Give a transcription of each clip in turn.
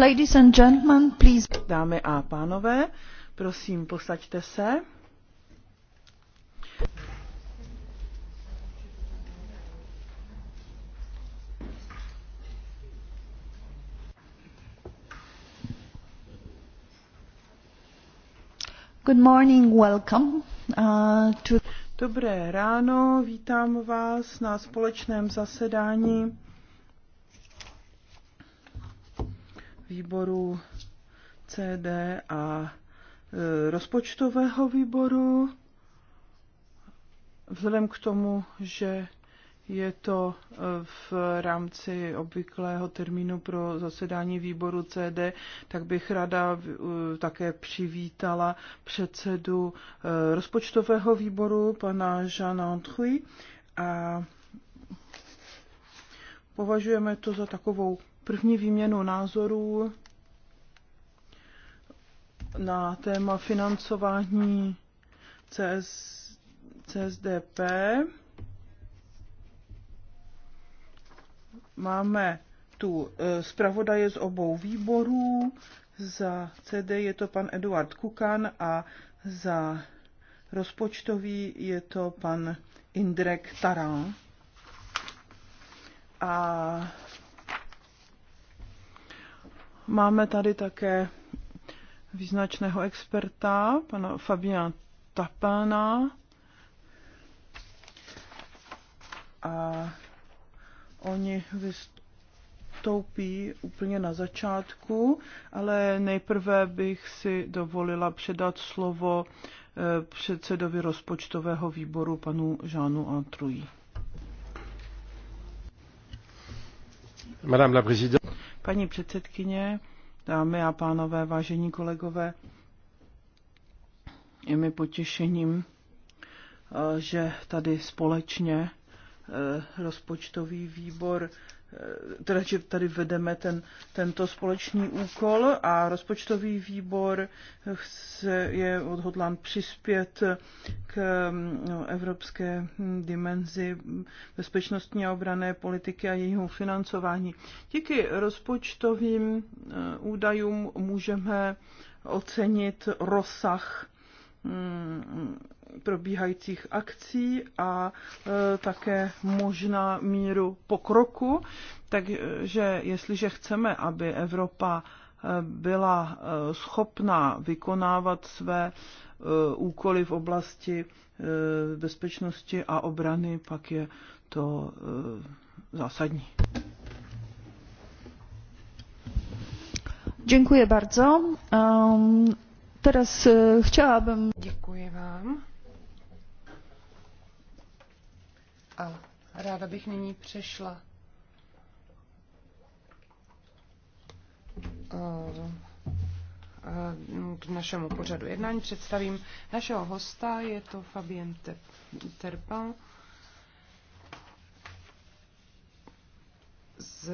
Ladies and gentlemen, please. Dámy a pánové, prosím, posaďte se. Good morning, welcome uh, to... Dobré ráno, vítám vás na společném zasedání výboru CD a e, rozpočtového výboru. Vzhledem k tomu, že je to e, v rámci obvyklého termínu pro zasedání výboru CD, tak bych rada také přivítala předsedu e, rozpočtového výboru, pana Žana Antruy. A považujeme to za takovou první výměnu názorů na téma financování CS, CSDP. Máme tu e, zpravodaje z obou výborů. Za CD je to pan Eduard Kukan a za rozpočtový je to pan Indrek Taran. A Máme tady také význačného experta, pana Fabiana Tapana. A oni vystoupí úplně na začátku, ale nejprve bych si dovolila předat slovo eh, předsedovi rozpočtového výboru panu Žánu Antrují. Madame la présidente. Paní předsedkyně, dámy a pánové, vážení kolegové, je mi potěšením, eh, že tady společně eh, rozpočtový výbor Eh, teda, že tady vedeme ten, tento společný úkol a rozpočtový výbor eh, chce, je odhodlán přispět k mm, evropské hm, dimenzi bezpečnostní a obrané politiky a jejího financování. Díky rozpočtovým eh, údajům můžeme ocenit rozsah Mm, probíhajících akcí a e, také možná míru pokroku. Takže jestliže chceme, aby Evropa e, byla e, schopná vykonávat své úkoly v oblasti bezpečnosti a obrany, pak je to zásadní. Dziękuję bardzo. Um, Teraz chtěla eh, chciałabym... Děkuji vám. A ráda bych nyní přešla eh, k našemu pořadu jednání. Představím našeho hosta, je to Fabien Terpal z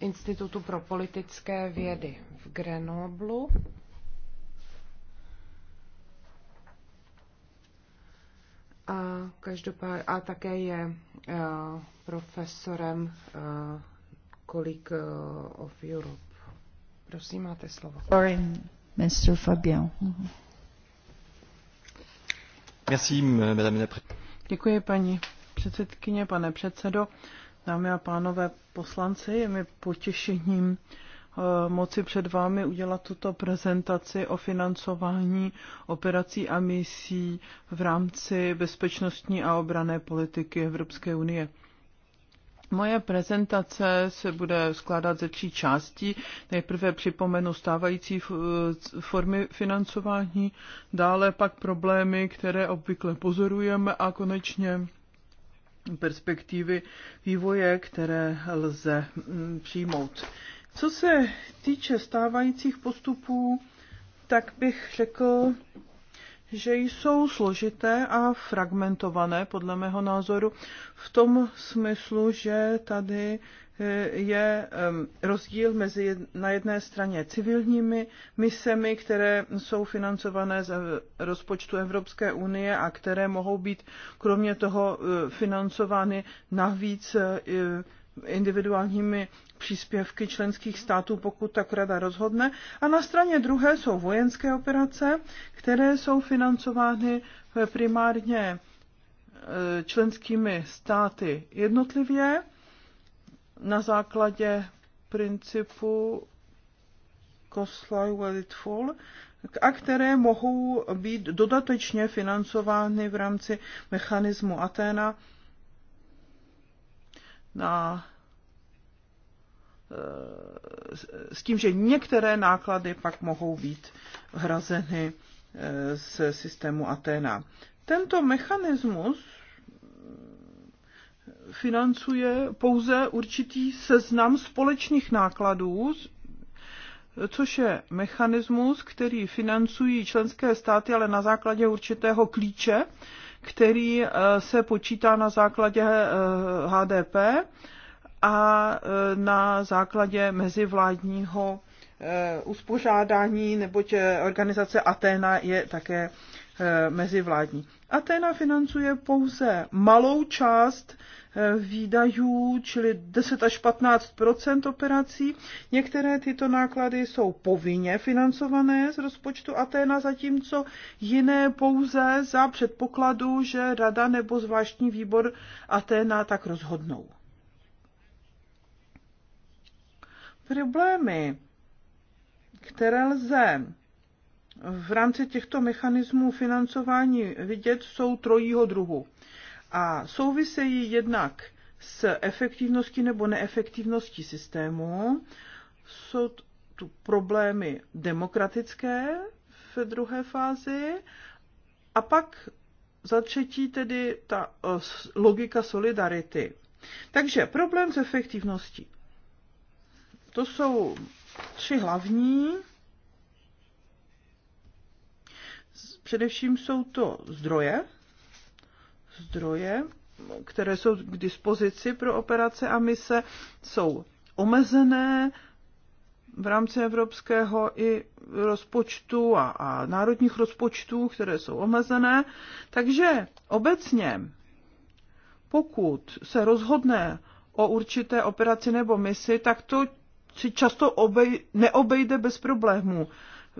Institutu pro politické vědy v Grenoblu. A, každopád, a také je a, eh, profesorem a, eh, Kolik eh, of Europe. Prosím, máte slovo. Sorry, Mr. Fabian. Merci, madame la Děkuji, paní předsedkyně, pane předsedo, dámy a pánové poslanci. Je mi potěšením uh, Eh, moci před vámi udělat tuto prezentaci o financování operací a misí v rámci bezpečnostní a obrané politiky Evropské unie. Moje prezentace se bude skládat ze tří částí. Nejprve připomenu stávající eh, formy financování, dále pak problémy, které obvykle pozorujeme a konečně perspektivy vývoje, které lze mm, přijmout. Co se týče stávajících postupů, tak bych řekl, že jsou složité a fragmentované, podle mého názoru, v tom smyslu, že tady eh, je rozdíl mezi na jedné straně civilními misemi, které jsou financované z rozpočtu Evropské unie a které mohou být kromě toho eh, financovány navíc eh, individuálními příspěvky členských států, pokud tak rada rozhodne. A na straně druhé jsou vojenské operace, které jsou financovány primárně e, členskými státy jednotlivě na základě principu Koslaj Welitful, a které mohou být dodatečně financovány v rámci mechanismu Atena na s tím, že některé náklady pak mohou být hrazeny e, z systému Atena. Tento mechanismus financuje pouze určitý seznam společných nákladů, což je mechanismus, který financují členské státy, ale na základě určitého klíče, který e, se počítá na základě e, HDP a e, na základě mezivládního e, uspořádání, neboť e, organizace Atena je také mezivládní. Atena financuje pouze malou část výdajů, čili 10 až 15 operací. Některé tyto náklady jsou povinně financované z rozpočtu Aténa, zatímco jiné pouze za předpokladu, že rada nebo zvláštní výbor Aténa tak rozhodnou. Problémy, které lze v rámci těchto mechanismů financování vidět, jsou trojího druhu. A souvisejí jednak s efektivností nebo neefektivností systému. Jsou tu problémy demokratické v druhé fázi a pak za třetí tedy ta eh, logika solidarity. Takže problém s efektivností. To jsou tři hlavní. Především jsou to zdroje, zdroje, které jsou k dispozici pro operace a mise, jsou omezené v rámci evropského i rozpočtu a, a národních rozpočtů, které jsou omezené. Takže obecně, pokud se rozhodne o určité operaci nebo misi, tak to si často obej, neobejde bez problémů.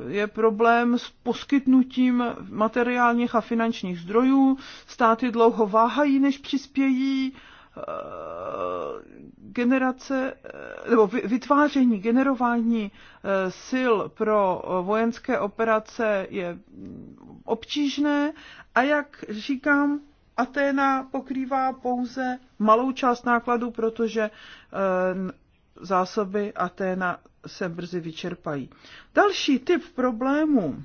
Je problém s poskytnutím materiálních a finančních zdrojů, státy dlouho váhají, než přispějí, eh, generace eh, nebo vytváření, generování eh, sil pro vojenské operace je obtížné a jak říkám, Aténa pokrývá pouze malou část nákladů, protože zásoby Aténa se brzy vyčerpají. Další typ problémů,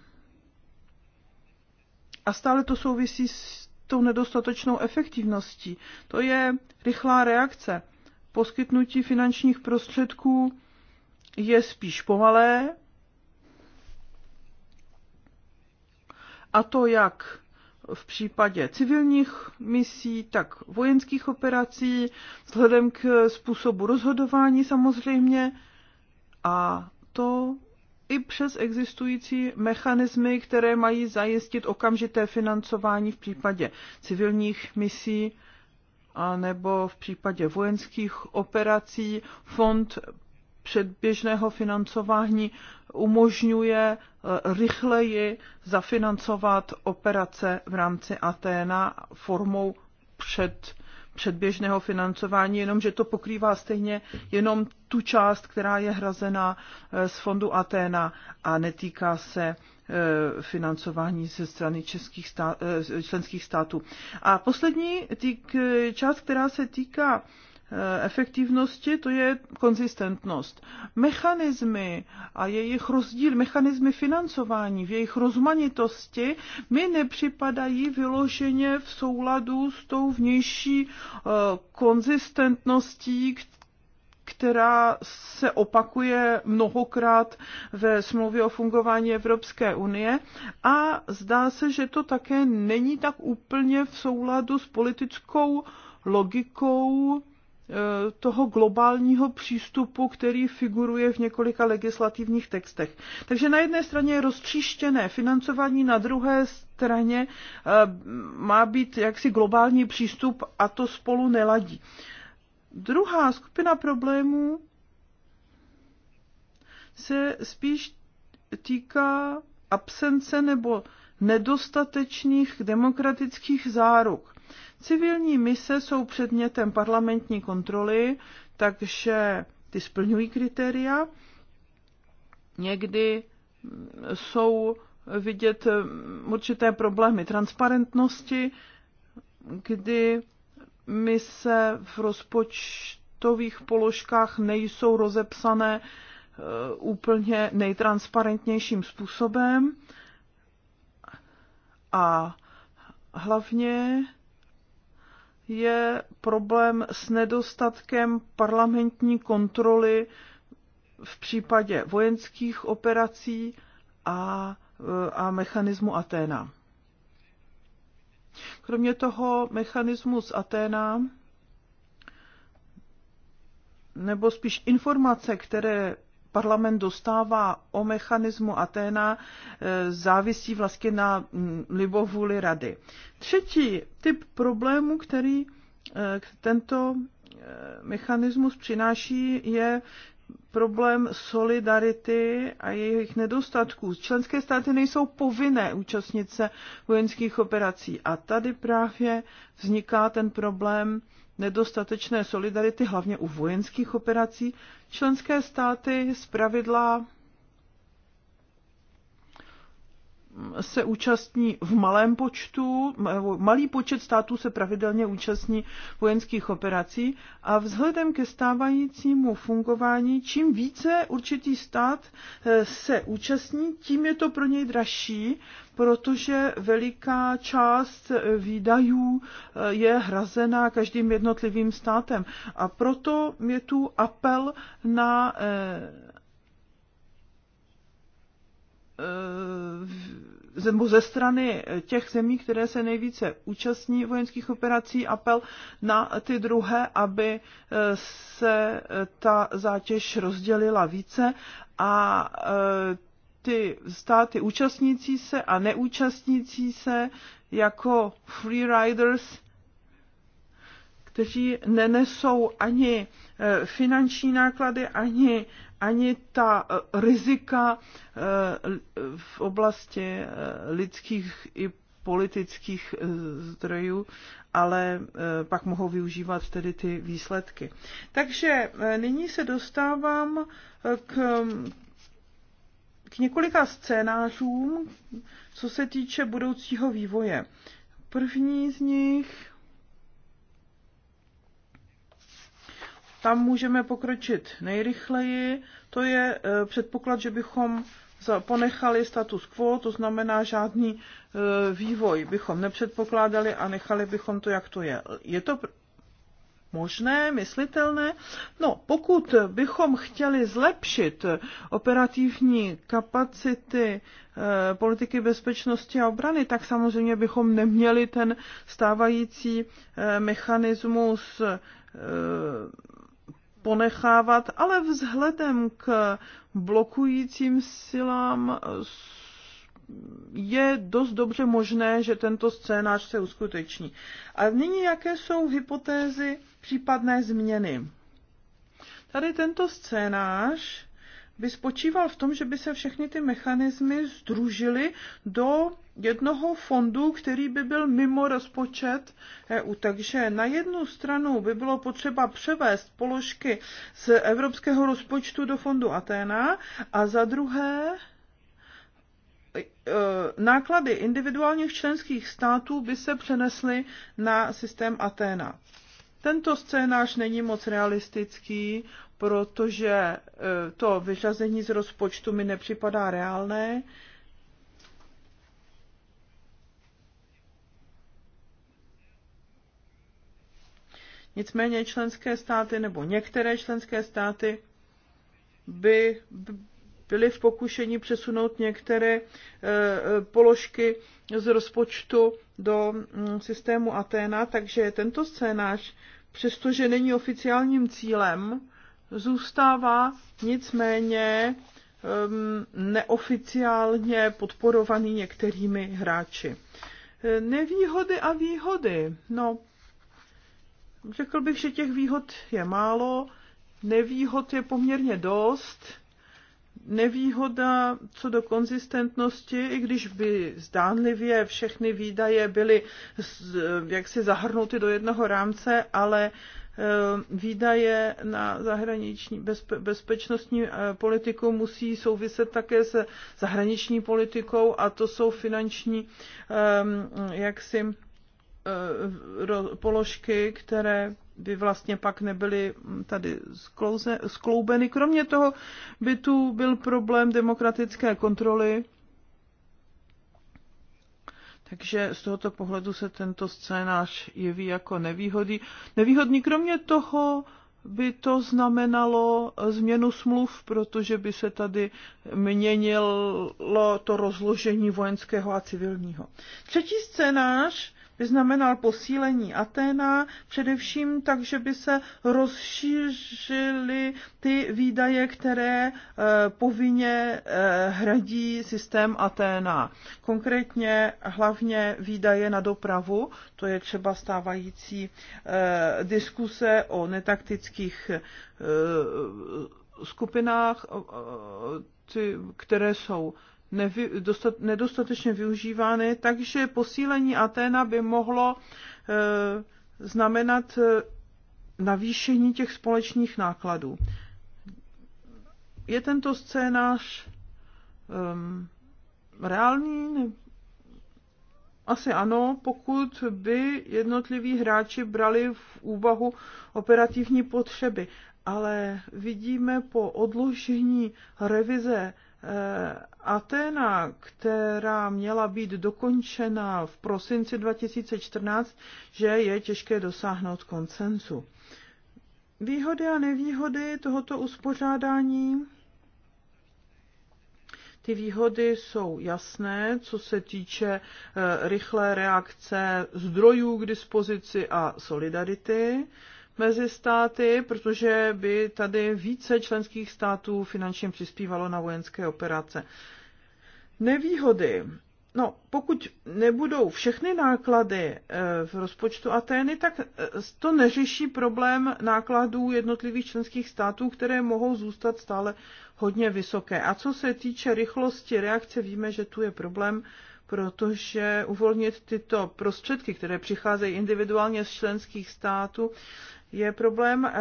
a stále to souvisí s tou nedostatečnou efektivností, to je rychlá reakce. Poskytnutí finančních prostředků je spíš pomalé, a to jak v případě civilních misí, tak vojenských operací, vzhledem k způsobu rozhodování samozřejmě. A to i přes existující mechanismy, které mají zajistit okamžité financování v případě civilních misí a nebo v případě vojenských operací fond předběžného financování umožňuje eh, rychleji zafinancovat operace v rámci Aténa formou před, předběžného financování, jenomže to pokrývá stejně jenom tu část, která je hrazena eh, z fondu Aténa a netýká se eh, financování ze strany českých stát, členských států. A poslední týk, část, která se týká Eh, efektivnosti, to je konzistentnost. Mechanismy a jejich rozdíl, mechanismy financování v jejich rozmanitosti mi nepřipadají vyloženě v souladu s tou vnější eh, konzistentností, která se opakuje mnohokrát ve smlouvě o fungování Evropské unie a zdá se, že to také není tak úplně v souladu s politickou logikou Eh, toho globálního přístupu, který figuruje v několika legislativních textech. Takže na jedné straně je roztříštěné financování, na druhé straně eh, má být jaksi globální přístup a to spolu neladí. Druhá skupina problémů se spíš týká absence nebo nedostatečných demokratických záruk Civilní mise jsou předmětem parlamentní kontroly, takže ty splňují kritéria. Někdy jsou vidět mm, určité problémy transparentnosti, kdy mise v rozpočtových položkách nejsou rozepsané eh, úplně nejtransparentnějším způsobem. A hlavně je problém s nedostatkem parlamentní kontroly v případě vojenských operací a, a mechanismu Aténa. Kromě toho mechanismus Aténa, nebo spíš informace, které parlament dostává o mechanismu Aténa e, závisí vlastně na mm, libovůli rady. Třetí typ problému, který e, tento e, mechanismus přináší, je problém solidarity a jejich nedostatků. Členské státy nejsou povinné účastnit se vojenských operací a tady právě vzniká ten problém nedostatečné solidarity, hlavně u vojenských operací, členské státy zpravidla se účastní v malém počtu, malý počet států se pravidelně účastní vojenských operací a vzhledem ke stávajícímu fungování, čím více určitý stát eh, se účastní, tím je to pro něj dražší, protože veliká část eh, výdajů eh, je hrazená každým jednotlivým státem. A proto je tu apel na Eh, nebo ze strany těch zemí, které se nejvíce účastní vojenských operací, apel na ty druhé, aby eh, se eh, ta zátěž rozdělila více a ty státy účastnící se a neúčastnící se jako freeriders, kteří nenesou ani finanční náklady, ani ani ta eh, rizika eh, v oblasti eh, lidských i politických zdrojů, ale pak mohou využívat tedy ty výsledky. Takže nyní se dostávám k, k několika scénářům, co se týče budoucího vývoje. První z nich tam můžeme pokročit nejrychleji. To je eh, předpoklad, že bychom ponechali status quo, to znamená žádný eh, vývoj bychom nepředpokládali a nechali bychom to, jak to je. Je to možné, myslitelné. No, pokud bychom chtěli zlepšit eh, operativní kapacity politiky bezpečnosti a obrany, tak samozřejmě bychom neměli ten stávající mechanismus ponechávat, ale vzhledem k blokujícím silám je dost dobře možné, že tento scénář se uskuteční. A nyní jaké jsou hypotézy případné změny? Tady tento scénář by spočíval v tom, že by se všechny ty mechanismy združily do jednoho fondu, který by byl mimo rozpočet EU. Takže na jednu stranu by bylo potřeba převést položky z evropského rozpočtu do fondu Atena a za druhé e, náklady individuálních členských států by se přenesly na systém Atena. Tento scénář není moc realistický, protože e, to vyřazení z rozpočtu mi nepřipadá reálné. Nicméně členské státy nebo některé členské státy by byly v pokušení přesunout některé e, položky z rozpočtu do mm, systému Atena, takže tento scénář, přestože není oficiálním cílem, zůstává nicméně neoficiálně podporovaný některými hráči. E, nevýhody a výhody. No, Řekl bych, že těch výhod je málo, nevýhod je poměrně dost. Nevýhoda co do konzistentnosti, i když by zdánlivě všechny výdaje byly jaksi zahrnuty do jednoho rámce, ale eh, výdaje na zahraniční bezpe, bezpečnostní eh, politiku musí souviset také se zahraniční politikou a to jsou finanční eh, jaksi Eh, položky, které by vlastně pak nebyly tady sklouze, skloubeny. Kromě toho by tu byl problém demokratické kontroly. Takže z tohoto pohledu se tento scénář jeví jako nevýhodný. Nevýhodný kromě toho by to znamenalo změnu smluv, protože by se tady měnilo to rozložení vojenského a civilního. Třetí scénář by znamenal posílení Aténa, především tak, že by se rozšířily ty výdaje, které eh, povinně eh, hradí systém Aténa. Konkrétně hlavně výdaje na dopravu, to je třeba stávající eh, diskuse o netaktických skupinách, ty, které jsou nevy, dostat, nedostatečně využívány, takže posílení Aténa by mohlo e, znamenat e, navýšení těch společných nákladů. Je tento scénář um, e, reálný? Asi ano, pokud by jednotliví hráči brali v úvahu operativní potřeby, ale vidíme po odložení revize Eh, Atena, která měla být dokončena v prosinci 2014, že je těžké dosáhnout koncensu. Výhody a nevýhody tohoto uspořádání. Ty výhody jsou jasné, co se týče eh, rychlé reakce zdrojů k dispozici a solidarity mezi státy, protože by tady více členských států finančně přispívalo na vojenské operace. Nevýhody. No, pokud nebudou všechny náklady eh, v rozpočtu Atény, tak eh, to neřeší problém nákladů jednotlivých členských států, které mohou zůstat stále hodně vysoké. A co se týče rychlosti reakce, víme, že tu je problém protože uvolnit tyto prostředky, které přicházejí individuálně z členských států, je problém. E,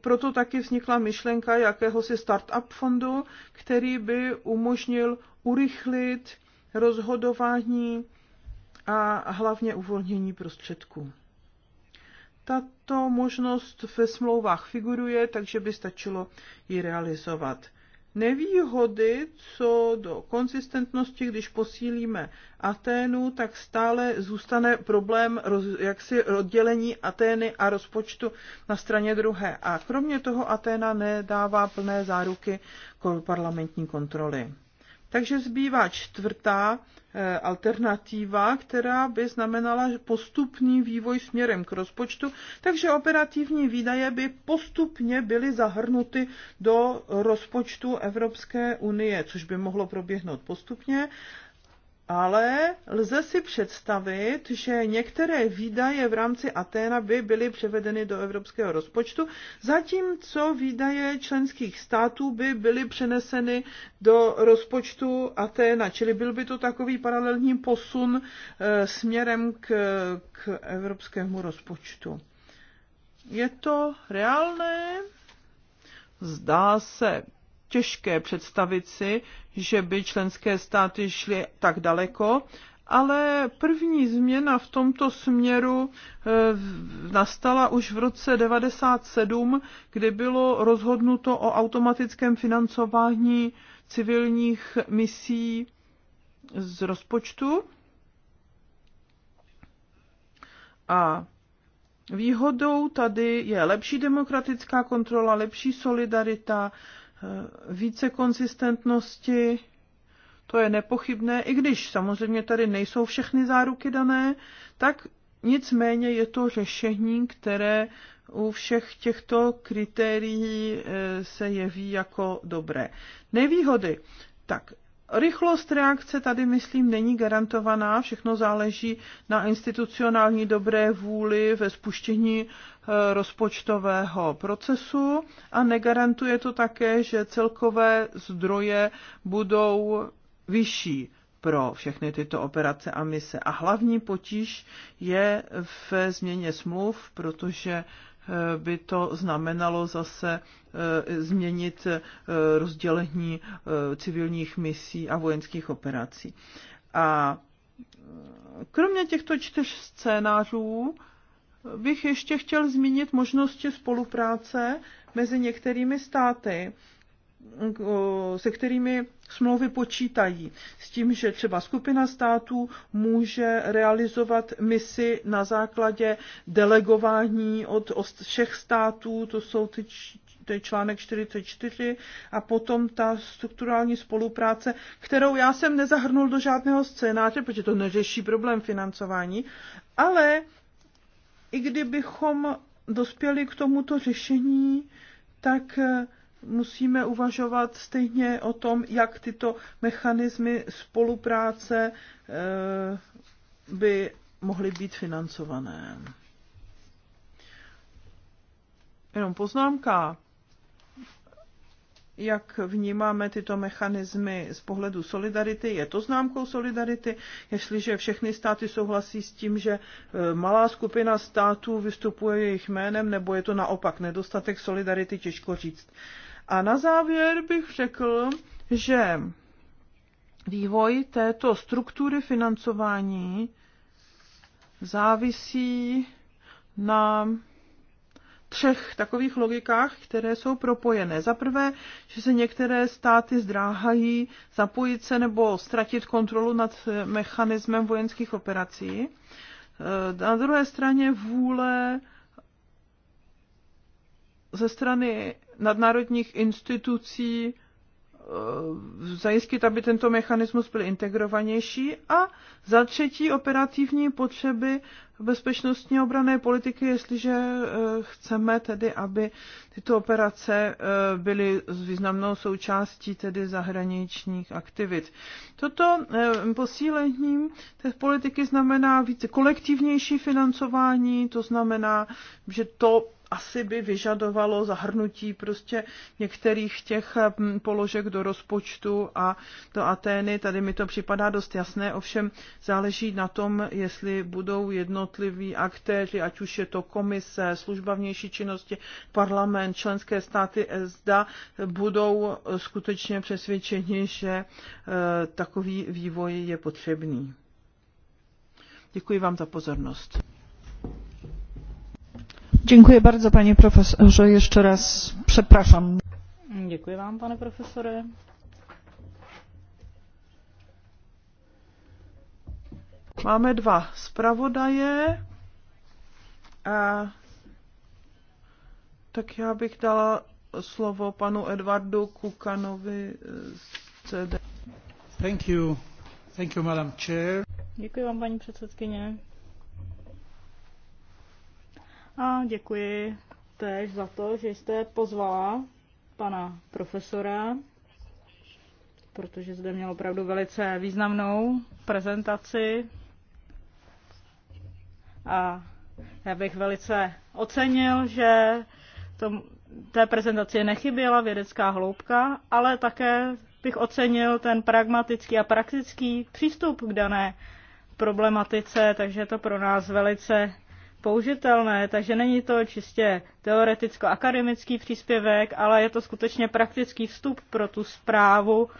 proto taky vznikla myšlenka jakéhosi start-up fondu, který by umožnil urychlit rozhodování a hlavně uvolnění prostředků. Tato možnost ve smlouvách figuruje, takže by stačilo ji realizovat nevýhody co do konsistentnosti, když posílíme Aténu, tak stále zůstane problém roz, jaksi oddělení Atény a rozpočtu na straně druhé. A kromě toho Aténa nedává plné záruky parlamentní kontroly. Takže zbývá čtvrtá eh, alternativa, která by znamenala postupný vývoj směrem k rozpočtu, takže operativní výdaje by postupně byly zahrnuty do rozpočtu Evropské unie, což by mohlo proběhnout postupně ale lze si představit, že některé výdaje v rámci Aténa by byly převedeny do evropského rozpočtu, zatímco výdaje členských států by byly přeneseny do rozpočtu Aténa, čili byl by to takový paralelní posun eh, směrem k, k evropskému rozpočtu. Je to reálné? Zdá se těžké představit si, že by členské státy šly tak daleko, ale první změna v tomto směru eh, nastala už v roce 1997, kdy bylo rozhodnuto o automatickém financování civilních misí z rozpočtu. A výhodou tady je lepší demokratická kontrola, lepší solidarita, Eh, více konzistentnosti, to je nepochybné, i když samozřejmě tady nejsou všechny záruky dané, tak nicméně je to řešení, které u všech těchto kritérií eh, se jeví jako dobré. Nevýhody. Tak Rychlost reakce tady, myslím, není garantovaná, všechno záleží na institucionální dobré vůli ve spuštění rozpočtového procesu a negarantuje to také, že celkové zdroje budou vyšší pro všechny tyto operace a mise. A hlavní potíž je ve změně smluv, protože eh, by to znamenalo zase eh, změnit eh, rozdělení civilních misí a vojenských operací. A kromě těchto čtyř scénářů bych ještě chtěl zmínit možnosti spolupráce mezi některými státy, se kterými smlouvy počítají. S tím, že třeba skupina států může realizovat misi na základě delegování od všech států, to jsou ty to je článek 44, a potom ta strukturální spolupráce, kterou já jsem nezahrnul do žádného scénáře, protože to neřeší problém financování, ale i kdybychom dospěli k tomuto řešení, tak eh, musíme uvažovat stejně o tom, jak tyto mechanismy spolupráce eh, by mohly být financované. Jenom poznámka jak vnímáme tyto mechanismy z pohledu solidarity. Je to známkou solidarity, jestliže všechny státy souhlasí s tím, že e, malá skupina států vystupuje jejich jménem, nebo je to naopak nedostatek solidarity, těžko říct. A na závěr bych řekl, že vývoj této struktury financování závisí na třech takových logikách, které jsou propojené. Za prvé, že se některé státy zdráhají zapojit se nebo ztratit kontrolu nad mechanismem vojenských operací. E, na druhé straně vůle ze strany nadnárodních institucí Eh, zajistit, aby tento mechanismus byl integrovanější a za třetí operativní potřeby bezpečnostní obrané politiky, jestliže eh, chceme tedy, aby tyto operace eh, byly s významnou součástí tedy zahraničních aktivit. Toto posílením té politiky znamená více kolektivnější financování, to znamená, že to asi by vyžadovalo zahrnutí prostě některých těch položek do rozpočtu a do Atény. Tady mi to připadá dost jasné, ovšem záleží na tom, jestli budou jednotliví aktéři, ať už je to komise, služba vnější činnosti, parlament, členské státy ESDA, budou e, skutečně přesvědčeni, že e, takový vývoj je potřebný. Děkuji vám za pozornost. Dziękuję bardzo panie profesorze. Jeszcze raz przepraszam. Děkuji vám, pane profesore. Máme dva zpravodaje. A, tak já bych dala slovo panu Edvardu Kukanovi z CD. Thank you. Thank you, madam chair. Děkuji vám, paní předsedkyně. A děkuji též za to, že jste pozvala pana profesora, protože zde měl opravdu velice významnou prezentaci. A já bych velice ocenil, že to, té prezentaci nechyběla vědecká hloubka, ale také bych ocenil ten pragmatický a praktický přístup k dané problematice, takže je to pro nás velice použitelné, takže není to čistě teoreticko-akademický příspěvek, ale je to skutečně praktický vstup pro tu zprávu,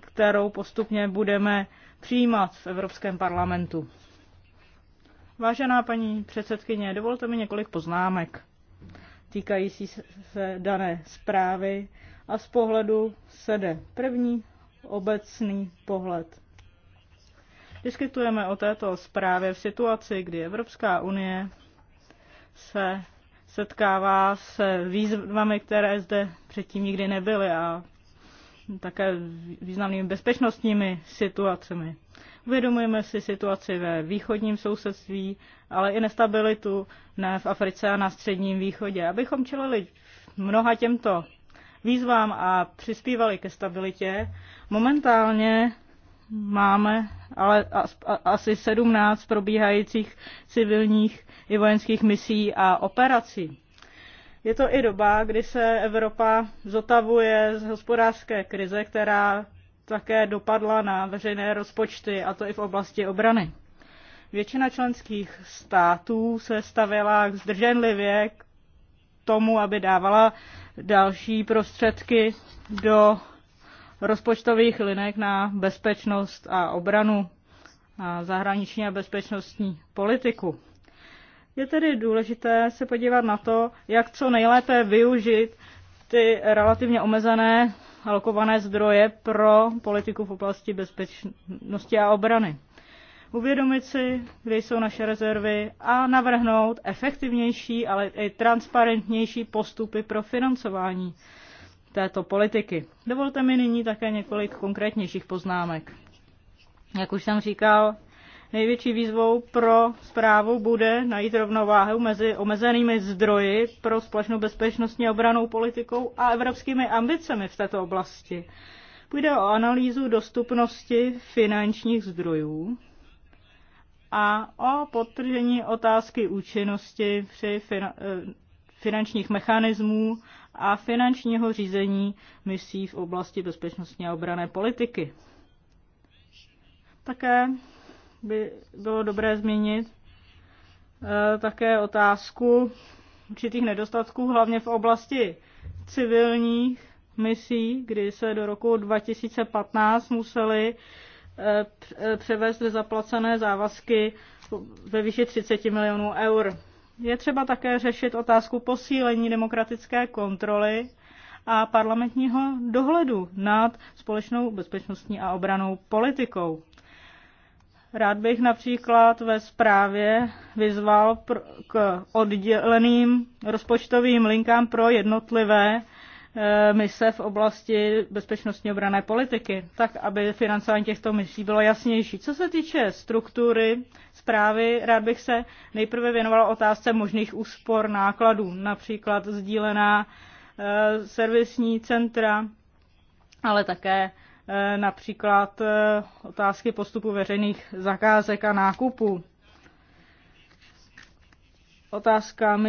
kterou postupně budeme přijímat v Evropském parlamentu. Vážená paní předsedkyně, dovolte mi několik poznámek týkající se dané zprávy a z pohledu sede. První obecný pohled. Diskutujeme o této zprávě v situaci, kdy Evropská unie se setkává s výzvami, které zde předtím nikdy nebyly a také významnými bezpečnostními situacemi. Uvědomujeme si situaci ve východním sousedství, ale i nestabilitu ne v Africe a na středním východě. Abychom čelili mnoha těmto výzvám a přispívali ke stabilitě, momentálně máme ale asi 17 probíhajících civilních i vojenských misí a operací. Je to i doba, kdy se Evropa zotavuje z hospodářské krize, která také dopadla na veřejné rozpočty, a to i v oblasti obrany. Většina členských států se stavěla zdrženlivě k tomu, aby dávala další prostředky do rozpočtových linek na bezpečnost a obranu a zahraniční a bezpečnostní politiku. Je tedy důležité se podívat na to, jak co nejlépe využít ty relativně omezené alokované zdroje pro politiku v oblasti bezpečnosti a obrany. Uvědomit si, kde jsou naše rezervy a navrhnout efektivnější, ale i transparentnější postupy pro financování této politiky. Dovolte mi nyní také několik konkrétnějších poznámek. Jak už jsem říkal, největší výzvou pro zprávu bude najít rovnováhu mezi omezenými zdroji pro společnou bezpečnostní obranou politikou a evropskými ambicemi v této oblasti. Půjde o analýzu dostupnosti finančních zdrojů a o potržení otázky účinnosti při eh, finančních mechanismů a finančního řízení misí v oblasti bezpečnostní a obrané politiky. Také by bylo dobré zmínit eh, také otázku určitých nedostatků, hlavně v oblasti civilních misí, kdy se do roku 2015 museli eh, eh, převést zaplacené závazky ve výši 30 milionů eur. Je třeba také řešit otázku posílení demokratické kontroly a parlamentního dohledu nad společnou bezpečnostní a obranou politikou. Rád bych například ve zprávě vyzval k odděleným rozpočtovým linkám pro jednotlivé Eh, mise v oblasti bezpečnostní obrané politiky, tak aby financování těchto misí bylo jasnější. Co se týče struktury zprávy, rád bych se nejprve věnovala otázce možných úspor nákladů, například sdílená eh, servisní centra, ale také eh, například otázky postupu veřejných zakázek a nákupů. Otázka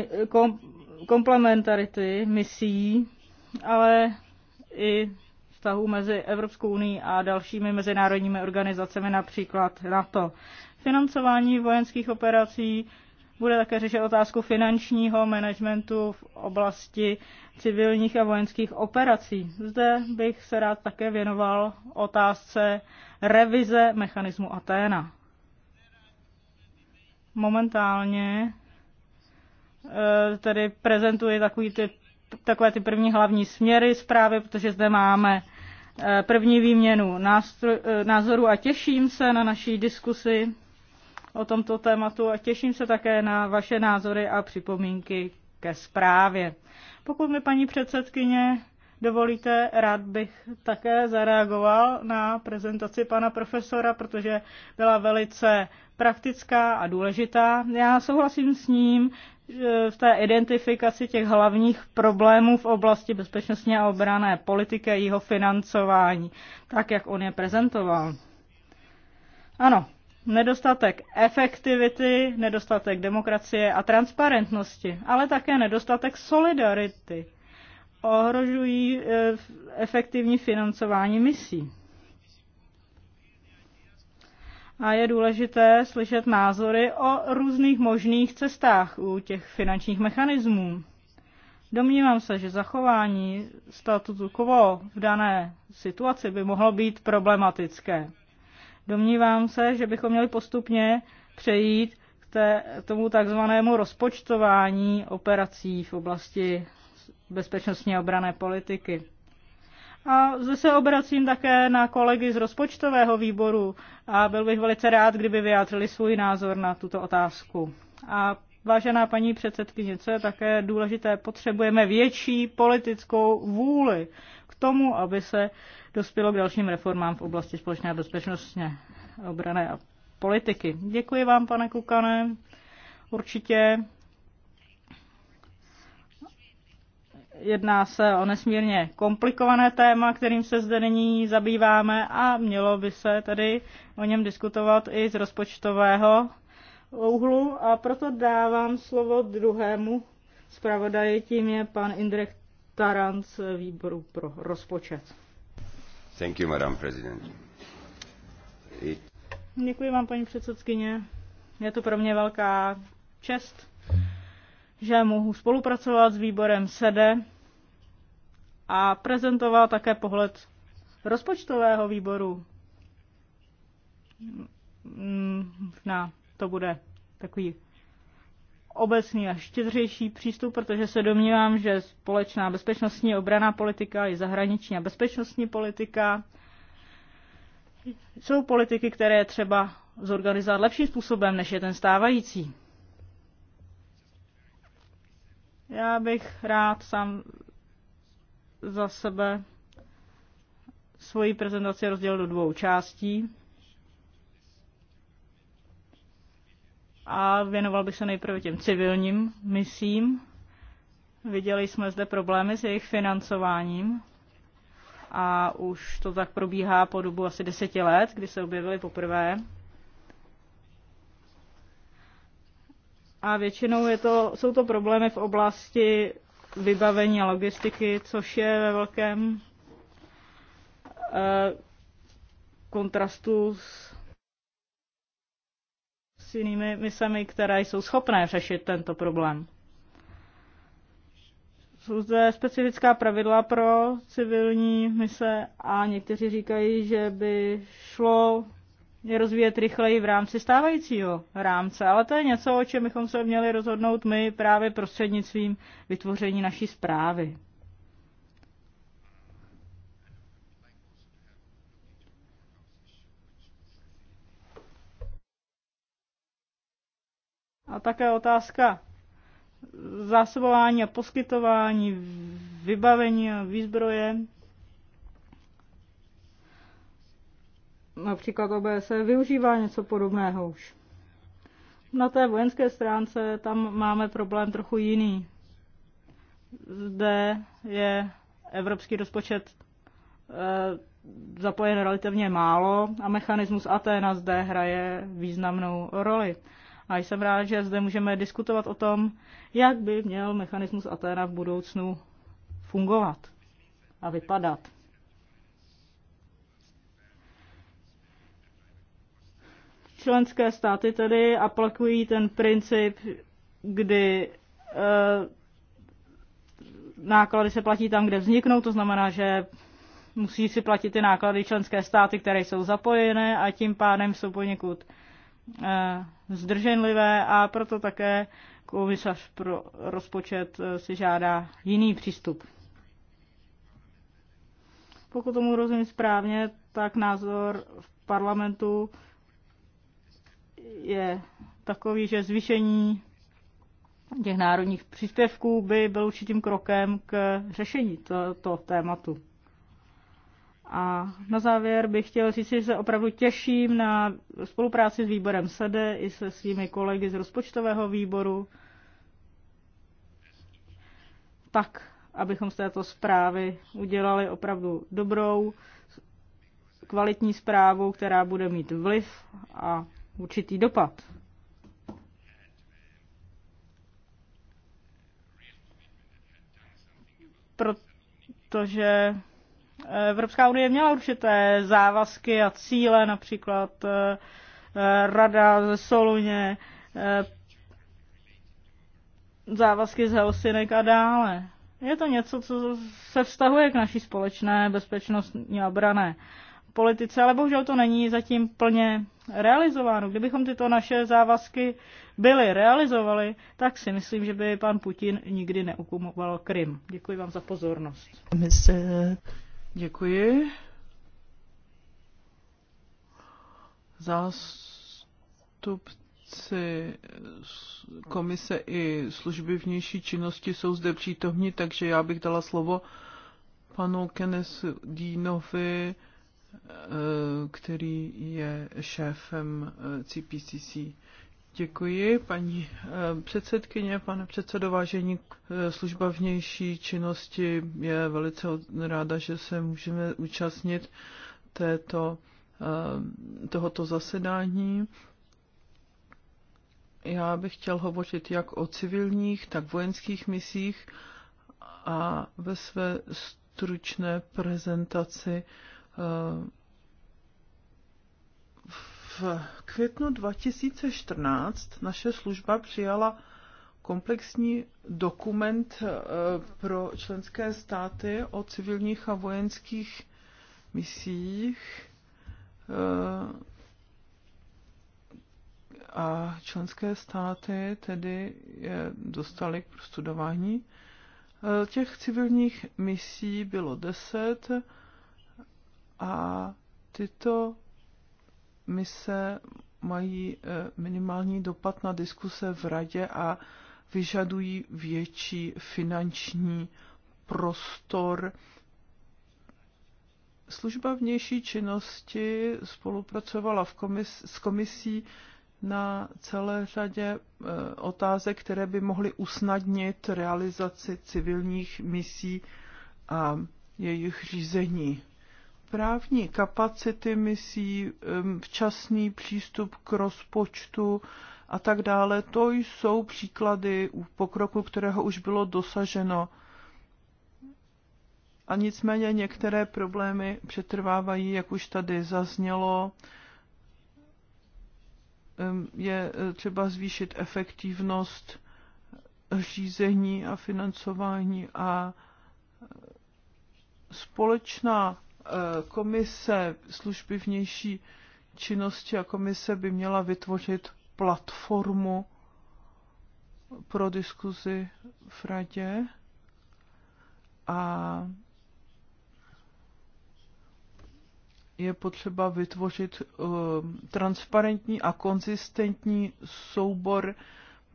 komplementarity misí ale i vztahů mezi Evropskou unii a dalšími mezinárodními organizacemi, například NATO. Financování vojenských operací bude také řešit otázku finančního managementu v oblasti civilních a vojenských operací. Zde bych se rád také věnoval otázce revize mechanismu Aténa. Momentálně eh, tedy prezentuji takový typ takové ty první hlavní směry zprávy, protože zde máme eh, první výměnu eh, názoru a těším se na naší diskusi o tomto tématu a těším se také na vaše názory a připomínky ke zprávě. Pokud mi paní předsedkyně dovolíte, rád bych také zareagoval na prezentaci pana profesora, protože byla velice praktická a důležitá. Já souhlasím s ním v té identifikaci těch hlavních problémů v oblasti bezpečnostní a obrané politiky a jeho financování, tak jak on je prezentoval. Ano, nedostatek efektivity, nedostatek demokracie a transparentnosti, ale také nedostatek solidarity ohrožují eh, efektivní financování misí. A je důležité slyšet názory o různých možných cestách u těch finančních mechanismů. Domnívám se, že zachování statutu quo v dané situaci by mohlo být problematické. Domnívám se, že bychom měli postupně přejít k té, tomu takzvanému rozpočtování operací v oblasti bezpečnostně obrané politiky. A zde se obracím také na kolegy z rozpočtového výboru a byl bych velice rád, kdyby vyjádřili svůj názor na tuto otázku. A vážená paní předsedkyně, co je také důležité, potřebujeme větší politickou vůli k tomu, aby se dospělo k dalším reformám v oblasti společné bezpečnostně obrané a politiky. Děkuji vám, pane Kukane. Určitě Jedná se o nesmírně komplikované téma, kterým se zde nyní zabýváme a mělo by se tedy o něm diskutovat i z rozpočtového úhlu a proto dávám slovo druhému zpravodaji, tím je pan Indrek Tarant z výboru pro rozpočet. Thank you, madam president. It... Děkuji vám, paní předsedkyně. Je to pro mě velká čest že mohu spolupracovat s výborem SEDE a prezentoval také pohled rozpočtového výboru. Možná mm, to bude takový obecný a štědřejší přístup, protože se domnívám, že společná bezpečnostní obraná politika i zahraniční a bezpečnostní politika jsou politiky, které třeba zorganizovat lepším způsobem, než je ten stávající. Já bych rád sám za sebe svoji prezentaci rozdělil do dvou částí. A věnoval bych se nejprve těm civilním misím. Viděli jsme zde problémy s jejich financováním a už to tak probíhá po dobu asi deseti let, kdy se objevily poprvé. a většinou je to, jsou to problémy v oblasti vybavení a logistiky, což je ve velkém eh, kontrastu s, s jinými misemi, které jsou schopné řešit tento problém. Jsou zde specifická pravidla pro civilní mise a někteří říkají, že by šlo rozvíjet rychleji v rámci stávajícího rámce, ale to je něco, o čem bychom se měli rozhodnout my právě prostřednictvím vytvoření naší zprávy. A také otázka zásobování a poskytování vybavení a výzbroje například OBS využívá něco podobného už. Na té vojenské stránce tam máme problém trochu jiný. Zde je evropský rozpočet eh, zapojen relativně málo a mechanismus Atena zde hraje významnou roli. A jsem rád, že zde můžeme diskutovat o tom, jak by měl mechanismus Atena v budoucnu fungovat a vypadat. Členské státy tedy aplikují ten princip, kdy eh, náklady se platí tam, kde vzniknou, to znamená, že musí si platit ty náklady členské státy, které jsou zapojené a tím pádem jsou poněkud eh, zdrženlivé a proto také komisař pro rozpočet eh, si žádá jiný přístup. Pokud tomu rozumím správně, tak názor v parlamentu je takový, že zvýšení těch národních příspěvků by byl určitým krokem k řešení tohoto tématu. A na závěr bych chtěl říct, že se opravdu těším na spolupráci s výborem SEDE i se svými kolegy z rozpočtového výboru, tak, abychom z této zprávy udělali opravdu dobrou, kvalitní zprávu, která bude mít vliv a určitý dopad. Protože Evropská unie měla určité závazky a cíle, například eh, eh, Rada ze Soluně, eh, závazky z Helsinek a dále. Je to něco, co se vztahuje k naší společné bezpečnostní obrané politice, ale bohužel to není zatím plně realizováno. Kdybychom tyto naše závazky byly realizovali, tak si myslím, že by pan Putin nikdy neukumoval Krym. Děkuji vám za pozornost. Děkuji. Zástupci komise i služby vnější činnosti jsou zde přítomni, takže já bych dala slovo panu Kenneth Dínovi, Eh, který je šéfem CPCC. Eh, Děkuji, paní eh, předsedkyně, pane předsedo, vážení služba vnější činnosti. Je velice ráda, že se můžeme účastnit této, tohoto zasedání. Já bych chtěl hovořit jak o civilních, tak vojenských misích a ve své stručné prezentaci Eh, v květnu 2014 naše služba přijala komplexní dokument eh, pro členské státy o civilních a vojenských misích eh, a členské státy tedy je dostali k prostudování. Těch civilních misí bylo deset, a tyto mise mají eh, minimální dopad na diskuse v radě a vyžadují větší finanční prostor. Služba vnější činnosti spolupracovala v komis- s komisí na celé řadě eh, otázek, které by mohly usnadnit realizaci civilních misí a jejich řízení správní kapacity misí, včasný přístup k rozpočtu a tak dále, to jsou příklady pokroku, kterého už bylo dosaženo. A nicméně některé problémy přetrvávají, jak už tady zaznělo. Je e, třeba zvýšit efektivnost řízení a financování a e, společná Eh, komise služby vnější činnosti a komise by měla vytvořit platformu pro diskuzi v radě a je potřeba vytvořit eh, transparentní a konzistentní soubor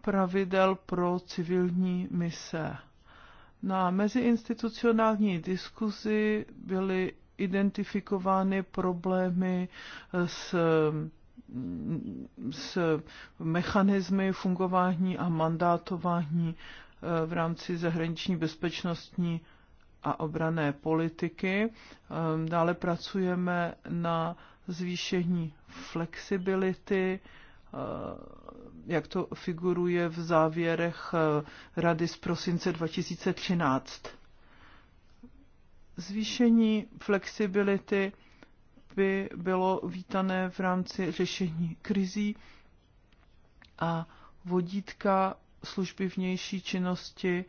pravidel pro civilní mise. Na meziinstitucionální diskuzi byly identifikovány problémy s s mechanismy fungování a mandátování eh, v rámci zahraniční bezpečnostní a obrané politiky. Ehm, dále pracujeme na zvýšení flexibility, eh, jak to figuruje v závěrech eh, Rady z prosince 2013. Zvýšení flexibility by bylo vítané v rámci řešení krizí a vodítka služby vnější činnosti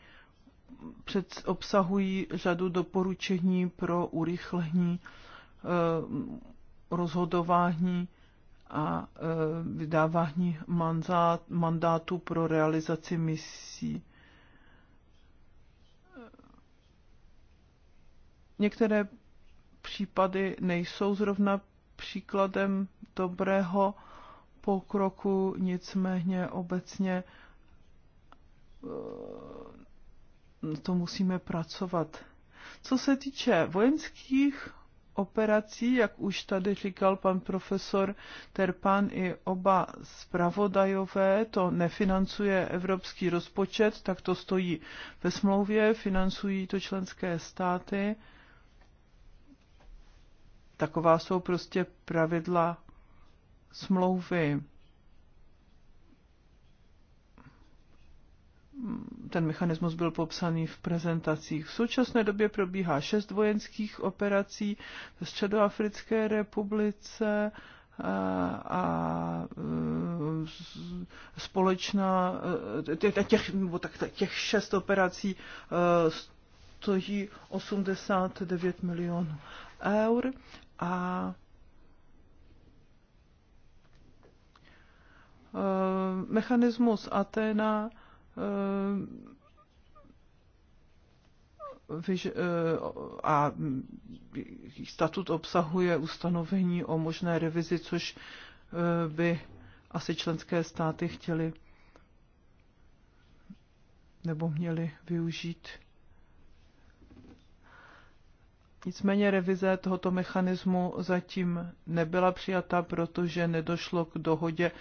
před, obsahují řadu doporučení pro urychlení eh, rozhodování a eh, vydávání mandát, mandátu pro realizaci misí. Některé případy nejsou zrovna příkladem dobrého pokroku, nicméně obecně eh, to musíme pracovat. Co se týče vojenských operací, jak už tady říkal pan profesor Terpan i oba zpravodajové, to nefinancuje evropský rozpočet, tak to stojí ve smlouvě, financují to členské státy. Taková jsou prostě pravidla smlouvy. Ten mechanismus byl popsaný v prezentacích. V současné době probíhá šest vojenských operací ve Středoafrické republice a e, společná, e, těch, tak, těch šest operací e, stojí 89 milionů eur a e, mechanismus Atena e, e, a statut obsahuje ustanovení o možné revizi, což by asi členské státy chtěly nebo měly využít. Nicméně revize tohoto mechanismu zatím nebyla přijata, protože nedošlo k dohodě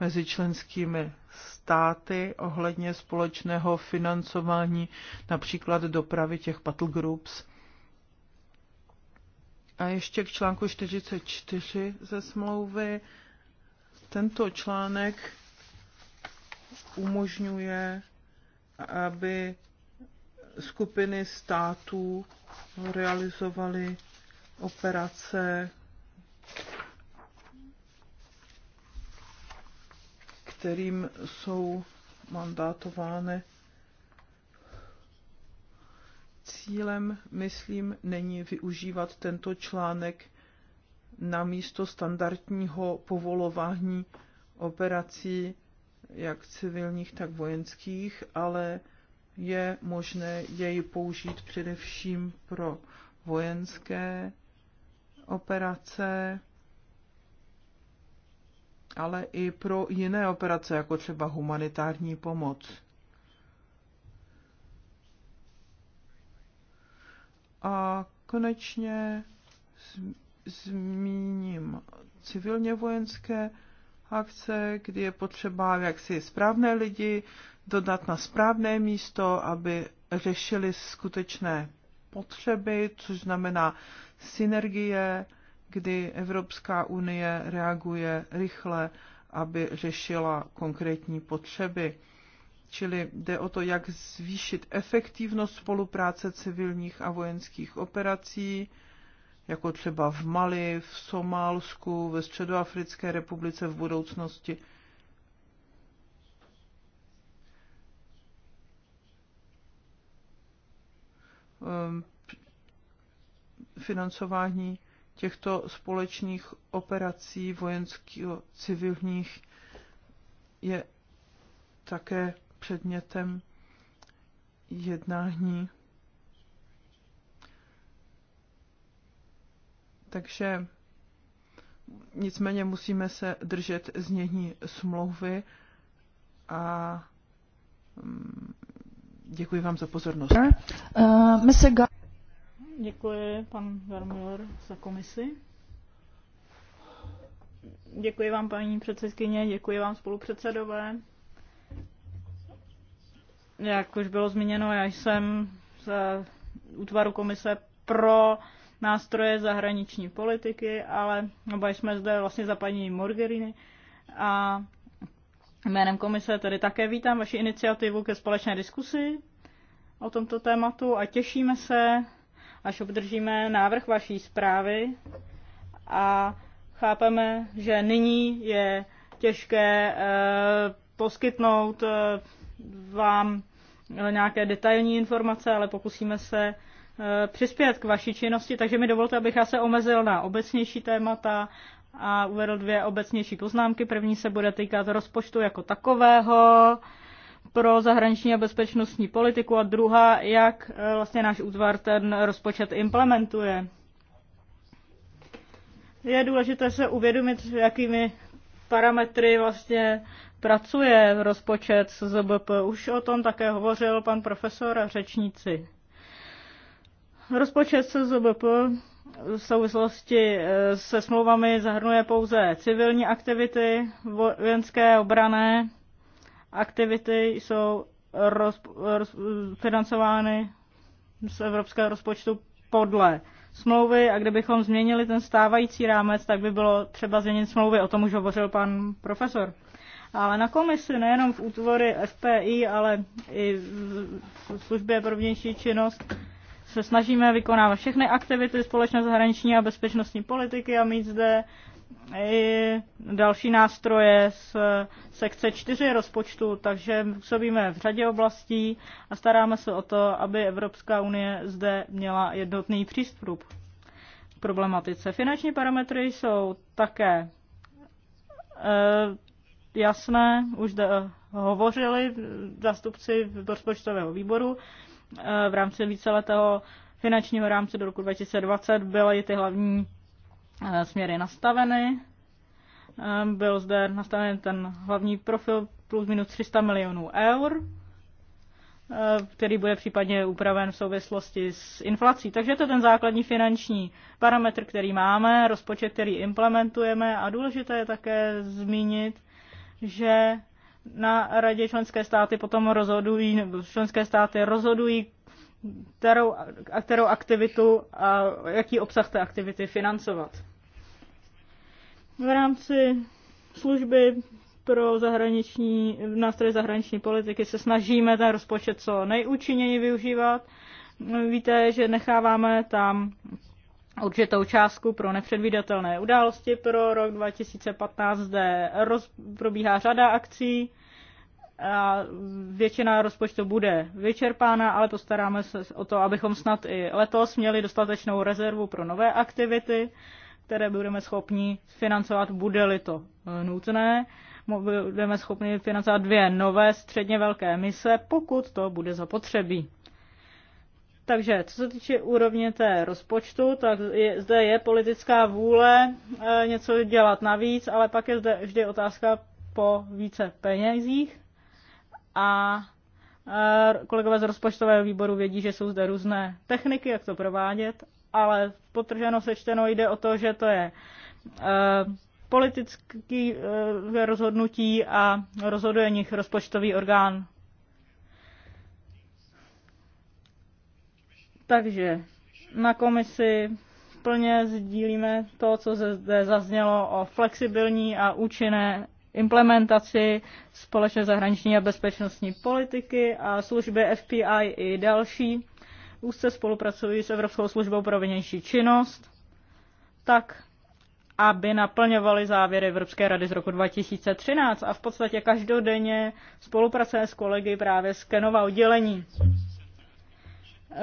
mezi členskými státy ohledně společného financování například dopravy těch battle groups. A ještě k článku 44 ze smlouvy. Tento článek umožňuje, aby skupiny států realizovaly operace, kterým jsou mandátovány cílem, myslím, není využívat tento článek na místo standardního povolování operací, jak civilních, tak vojenských, ale je možné jej použít především pro vojenské operace, ale i pro jiné operace, jako třeba humanitární pomoc. A konečně zmíním civilně vojenské akce, kdy je potřeba jaksi správné lidi dodat na správné místo, aby řešili skutečné potřeby, což znamená synergie, kdy Evropská unie reaguje rychle, aby řešila konkrétní potřeby. Čili jde o to, jak zvýšit efektivnost spolupráce civilních a vojenských operací, jako třeba v Mali, v Somálsku, ve Středoafrické republice v budoucnosti. Ehm, financování těchto společných operací vojenských, civilních je také předmětem jednání Takže nicméně musíme se držet znění smlouvy a mm, děkuji vám za pozornost. Eh, děkuji, pan Vermuller, za komisi. Děkuji vám, paní předsedkyně, děkuji vám, spolupředsedové. Jak už bylo zmíněno, já jsem z útvaru komise pro nástroje zahraniční politiky, ale oba jsme zde vlastně za paní Morgeriny a jménem komise tedy také vítám vaši iniciativu ke společné diskusi o tomto tématu a těšíme se, až obdržíme návrh vaší zprávy a chápeme, že nyní je těžké eh, poskytnout eh, vám nějaké detailní informace, ale pokusíme se Eh, přispět k vaší činnosti, takže mi dovolte, abych já se omezil na obecnější témata a uvedl dvě obecnější poznámky. První se bude týkat rozpočtu jako takového pro zahraniční a bezpečnostní politiku a druhá, jak eh, vlastně náš útvar ten rozpočet implementuje. Je důležité se uvědomit, jakými parametry vlastně pracuje rozpočet SZBP. Už o tom také hovořil pan profesor a řečníci Rozpočet SZBP v souvislosti eh, se smlouvami zahrnuje pouze civilní aktivity, vojenské obrané aktivity jsou roz, roz, financovány z evropského rozpočtu podle smlouvy a kdybychom změnili ten stávající rámec, tak by bylo třeba změnit smlouvy, o tom už hovořil pan profesor. Ale na komisi nejenom v útvory FPI, ale i v službě pro vnější činnost se snažíme vykonávat všechny aktivity společné zahraniční a bezpečnostní politiky a mít zde i další nástroje z sekce 4 rozpočtu, takže působíme v řadě oblastí a staráme se o to, aby Evropská unie zde měla jednotný přístup k problematice. Finanční parametry jsou také e, jasné, už hovořili zástupci rozpočtového výboru v rámci víceletého finančního rámce do roku 2020 byly ty hlavní eh, směry nastaveny. Ehm, byl zde nastaven ten hlavní profil plus minus 300 milionů eur, eh, který bude případně upraven v souvislosti s inflací. Takže to je ten základní finanční parametr, který máme, rozpočet, který implementujeme a důležité je také zmínit, že na radě členské státy potom rozhodují, nebo členské státy rozhodují, kterou, kterou aktivitu a jaký obsah té aktivity financovat. V rámci služby pro zahraniční, nástroje zahraniční politiky se snažíme ten rozpočet co nejúčinněji využívat. Víte, že necháváme tam určitou částku pro nepředvídatelné události. Pro rok 2015 zde roz, probíhá řada akcí a většina rozpočtu bude vyčerpána, ale postaráme se o to, abychom snad i letos měli dostatečnou rezervu pro nové aktivity, které budeme schopni financovat, bude-li to e, nutné. Budeme schopni financovat dvě nové středně velké mise, pokud to bude zapotřebí. Takže co se týče úrovně té rozpočtu, tak je, zde je politická vůle e, něco dělat navíc, ale pak je zde vždy otázka po více penězích a e, kolegové z rozpočtového výboru vědí, že jsou zde různé techniky, jak to provádět, ale potrženo sečteno jde o to, že to je e, eh, politické rozhodnutí a rozhoduje nich rozpočtový orgán Takže na komisi plně sdílíme to, co zde zaznělo o flexibilní a účinné implementaci společné zahraniční a bezpečnostní politiky a služby FPI i další. Úzce spolupracují s Evropskou službou pro vnější činnost, tak aby naplňovali závěry Evropské rady z roku 2013 a v podstatě každodenně spolupracuje s kolegy právě z Kenova oddělení.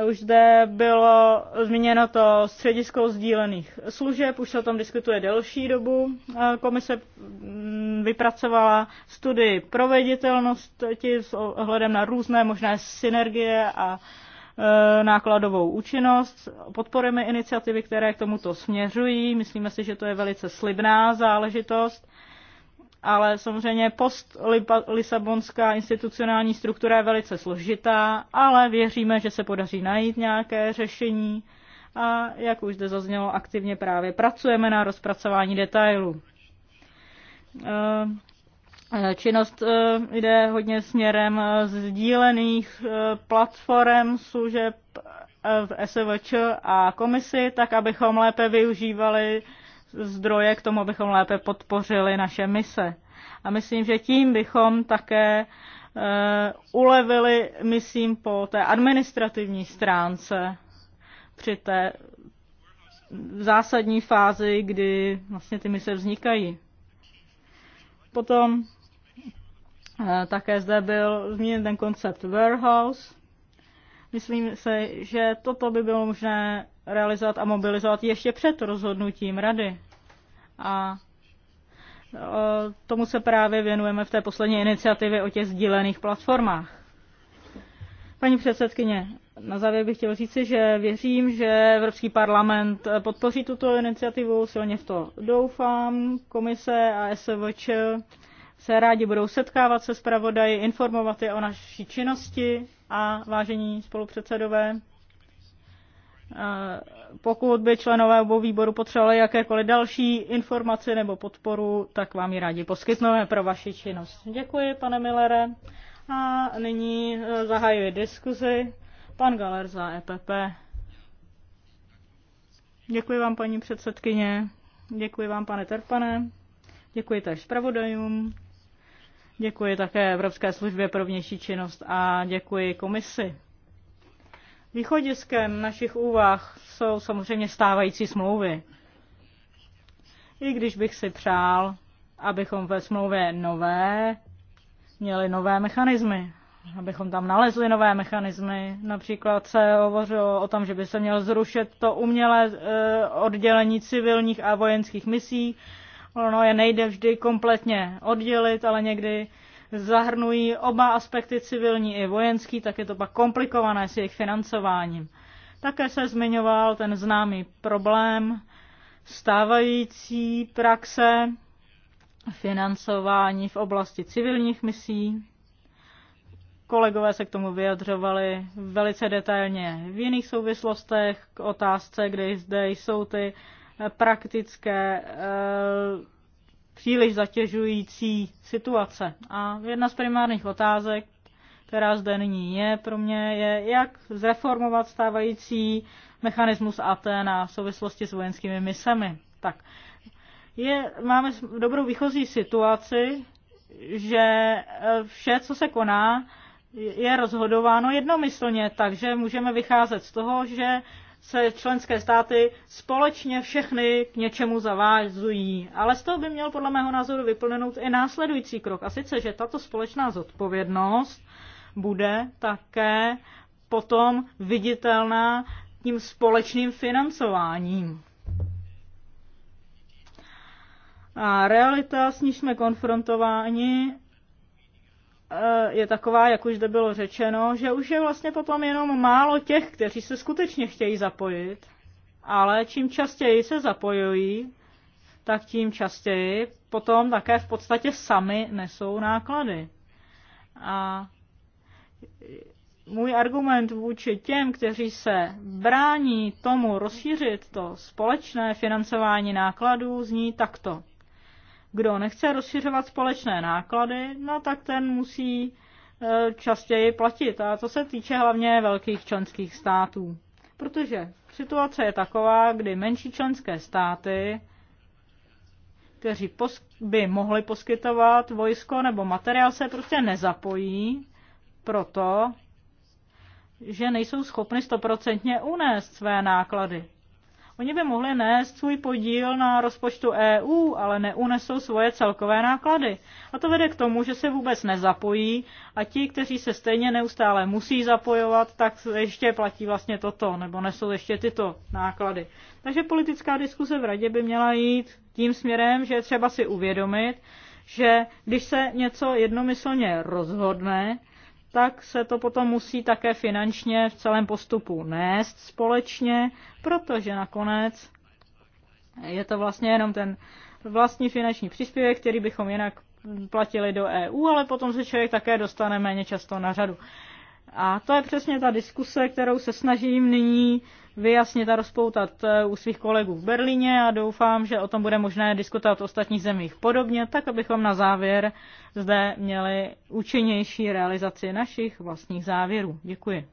Už zde bylo zmíněno to středisko sdílených služeb, už se o tom diskutuje delší dobu. Komise mm, vypracovala studii proveditelnosti s ohledem na různé možné synergie a e, nákladovou účinnost. Podporujeme iniciativy, které k tomuto směřují. Myslíme si, že to je velice slibná záležitost ale samozřejmě post-Lisabonská institucionální struktura je velice složitá, ale věříme, že se podaří najít nějaké řešení a jak už zde zaznělo, aktivně právě pracujeme na rozpracování detailů. Eh, činnost eh, jde hodně směrem eh, sdílených platform služeb v SVČ a komisi, tak abychom lépe využívali zdroje k tomu, abychom lépe podpořili naše mise. A myslím, že tím bychom také eh, ulevili misím po té administrativní stránce při té zásadní fázi, kdy vlastně ty mise vznikají. Potom eh, také zde byl zmíněn ten koncept warehouse. Myslím se, že toto by bylo možné realizovat a mobilizovat ještě před rozhodnutím rady a tomu se právě věnujeme v té poslední iniciativě o těch sdílených platformách. Paní předsedkyně, na závěr bych chtěl říci, že věřím, že Evropský parlament podpoří tuto iniciativu, silně v to doufám. Komise a SVČ se rádi budou setkávat se zpravodaji, informovat je o naší činnosti a vážení spolupředsedové. Eh, pokud by členové obou výboru potřebovali jakékoliv další informace nebo podporu, tak vám ji rádi poskytneme pro vaši činnost. Děkuji, pane Millere. A nyní eh, zahajuji diskuzi. Pan Galer za EPP. Děkuji vám, paní předsedkyně. Děkuji vám, pane Terpane. Děkuji také zpravodajům. Děkuji také Evropské službě pro vnější činnost a děkuji komisi. Východiskem našich úvah jsou samozřejmě stávající smlouvy. I když bych si přál, abychom ve smlouvě nové měli nové mechanismy, abychom tam nalezli nové mechanismy. Například se hovořilo o tom, že by se měl zrušit to umělé eh, oddělení civilních a vojenských misí. Ono je nejde vždy kompletně oddělit, ale někdy zahrnují oba aspekty civilní i vojenský, tak je to pak komplikované s jejich financováním. Také se zmiňoval ten známý problém stávající praxe financování v oblasti civilních misí. Kolegové se k tomu vyjadřovali velice detailně v jiných souvislostech k otázce, kde zde jsou ty praktické eh, příliš zatěžující situace. A jedna z primárních otázek, která zde nyní je pro mě, je, jak zreformovat stávající mechanismus AT na souvislosti s vojenskými misemi. Tak, je, máme dobrou výchozí situaci, že e, vše, co se koná, je rozhodováno jednomyslně, takže můžeme vycházet z toho, že se členské státy společně všechny k něčemu zavázují. Ale z toho by měl podle mého názoru vyplnout i následující krok. A sice, že tato společná zodpovědnost bude také potom viditelná tím společným financováním. A realita, s níž jsme konfrontováni, Eh, je taková, jak už zde bylo řečeno, že už je vlastně potom jenom málo těch, kteří se skutečně chtějí zapojit, ale čím častěji se zapojují, tak tím častěji potom také v podstatě sami nesou náklady. A můj argument vůči těm, kteří se brání tomu rozšířit to společné financování nákladů, zní takto. Kdo nechce rozšiřovat společné náklady, no tak ten musí e, častěji platit. A to se týče hlavně velkých členských států. Protože situace je taková, kdy menší členské státy, kteří by mohli poskytovat vojsko nebo materiál, se prostě nezapojí proto, že nejsou schopny stoprocentně unést své náklady. Oni by mohli nést svůj podíl na rozpočtu EU, ale neunesou svoje celkové náklady. A to vede k tomu, že se vůbec nezapojí a ti, kteří se stejně neustále musí zapojovat, tak ještě platí vlastně toto, nebo nesou ještě tyto náklady. Takže politická diskuse v radě by měla jít tím směrem, že je třeba si uvědomit, že když se něco jednomyslně rozhodne, tak se to potom musí také finančně v celém postupu nést společně, protože nakonec je to vlastně jenom ten vlastní finanční příspěvek, který bychom jinak platili do EU, ale potom se člověk také dostane méně často na řadu. A to je přesně ta diskuse, kterou se snažím nyní vyjasnit a rozpoutat eh, u svých kolegů v Berlíně a doufám, že o tom bude možné diskutovat v ostatních zemích podobně, tak abychom na závěr zde měli účinnější realizaci našich vlastních závěrů. Děkuji.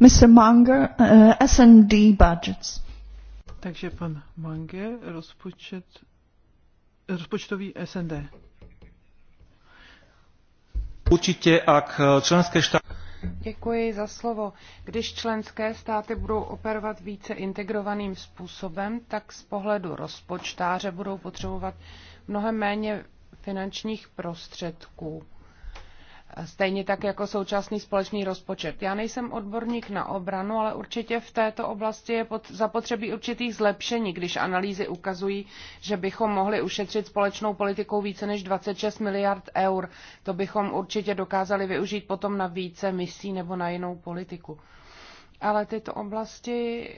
Mr. Munger, uh, eh, S&D budgets. Takže pan Mange, rozpočet, rozpočtový SND. Určitě, ak eh, členské štáty... Děkuji za slovo. Když členské státy budou operovat více integrovaným způsobem, tak z pohledu rozpočtáře budou potřebovat mnohem méně finančních prostředků Stejně tak jako současný společný rozpočet. Já nejsem odborník na obranu, ale určitě v této oblasti je pod, zapotřebí určitých zlepšení, když analýzy ukazují, že bychom mohli ušetřit společnou politikou více než 26 miliard eur. To bychom určitě dokázali využít potom na více misí nebo na jinou politiku. Ale tyto oblasti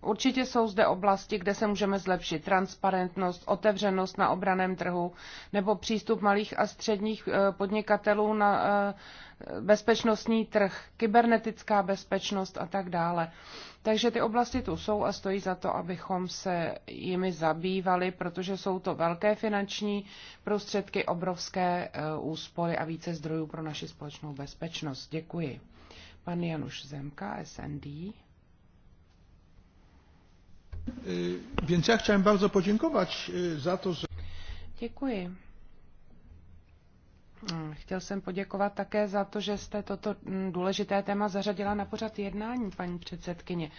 Určitě jsou zde oblasti, kde se můžeme zlepšit. Transparentnost, otevřenost na obraném trhu nebo přístup malých a středních eh, podnikatelů na eh, bezpečnostní trh, kybernetická bezpečnost a tak dále. Takže ty oblasti tu jsou a stojí za to, abychom se jimi zabývali, protože jsou to velké finanční prostředky, obrovské eh, úspory a více zdrojů pro naši společnou bezpečnost. Děkuji. Pan Januš Zemka, SND. Więc ja chciałem bardzo podziękować za to, że... Děkuji. Mm, chtěl jsem poděkovat také za to, že jste toto mm, důležité téma zařadila na pořad jednání, paní předsedkyně.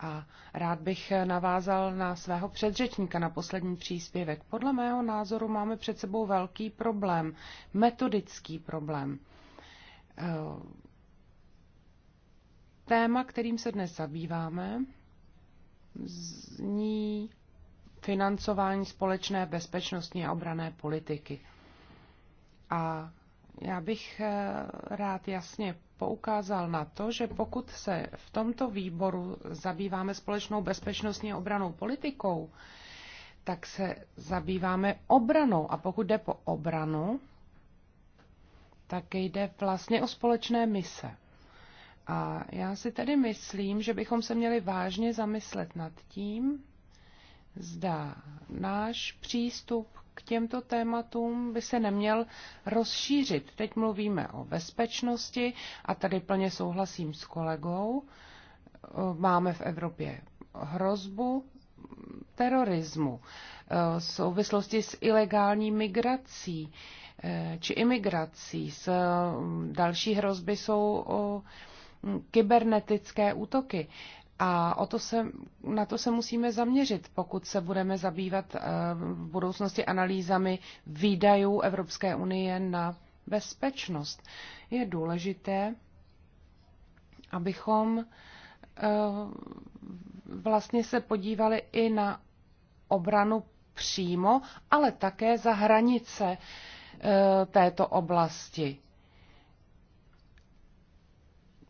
A rád bych eh, navázal na svého předřečníka na poslední příspěvek. Podle mého názoru máme před sebou velký problém, metodický problém. Eh, téma, kterým se dnes zabýváme, zní financování společné bezpečnostní a obrané politiky. A já bych eh, rád jasně poukázal na to, že pokud se v tomto výboru zabýváme společnou bezpečnostní a obranou politikou, tak se zabýváme obranou. A pokud jde po obranu, tak jde vlastně o společné mise. A já si tedy myslím, že bychom se měli vážně zamyslet nad tím, zda náš přístup k těmto tématům by se neměl rozšířit. Teď mluvíme o bezpečnosti a tady plně souhlasím s kolegou. Máme v Evropě hrozbu terorismu, v souvislosti s ilegální migrací eh, či imigrací. S mm, další hrozby jsou kybernetické útoky. A o to se, na to se musíme zaměřit, pokud se budeme zabývat eh, v budoucnosti analýzami výdajů Evropské unie na bezpečnost. Je důležité, abychom eh, vlastně se podívali i na obranu přímo, ale také za hranice eh, této oblasti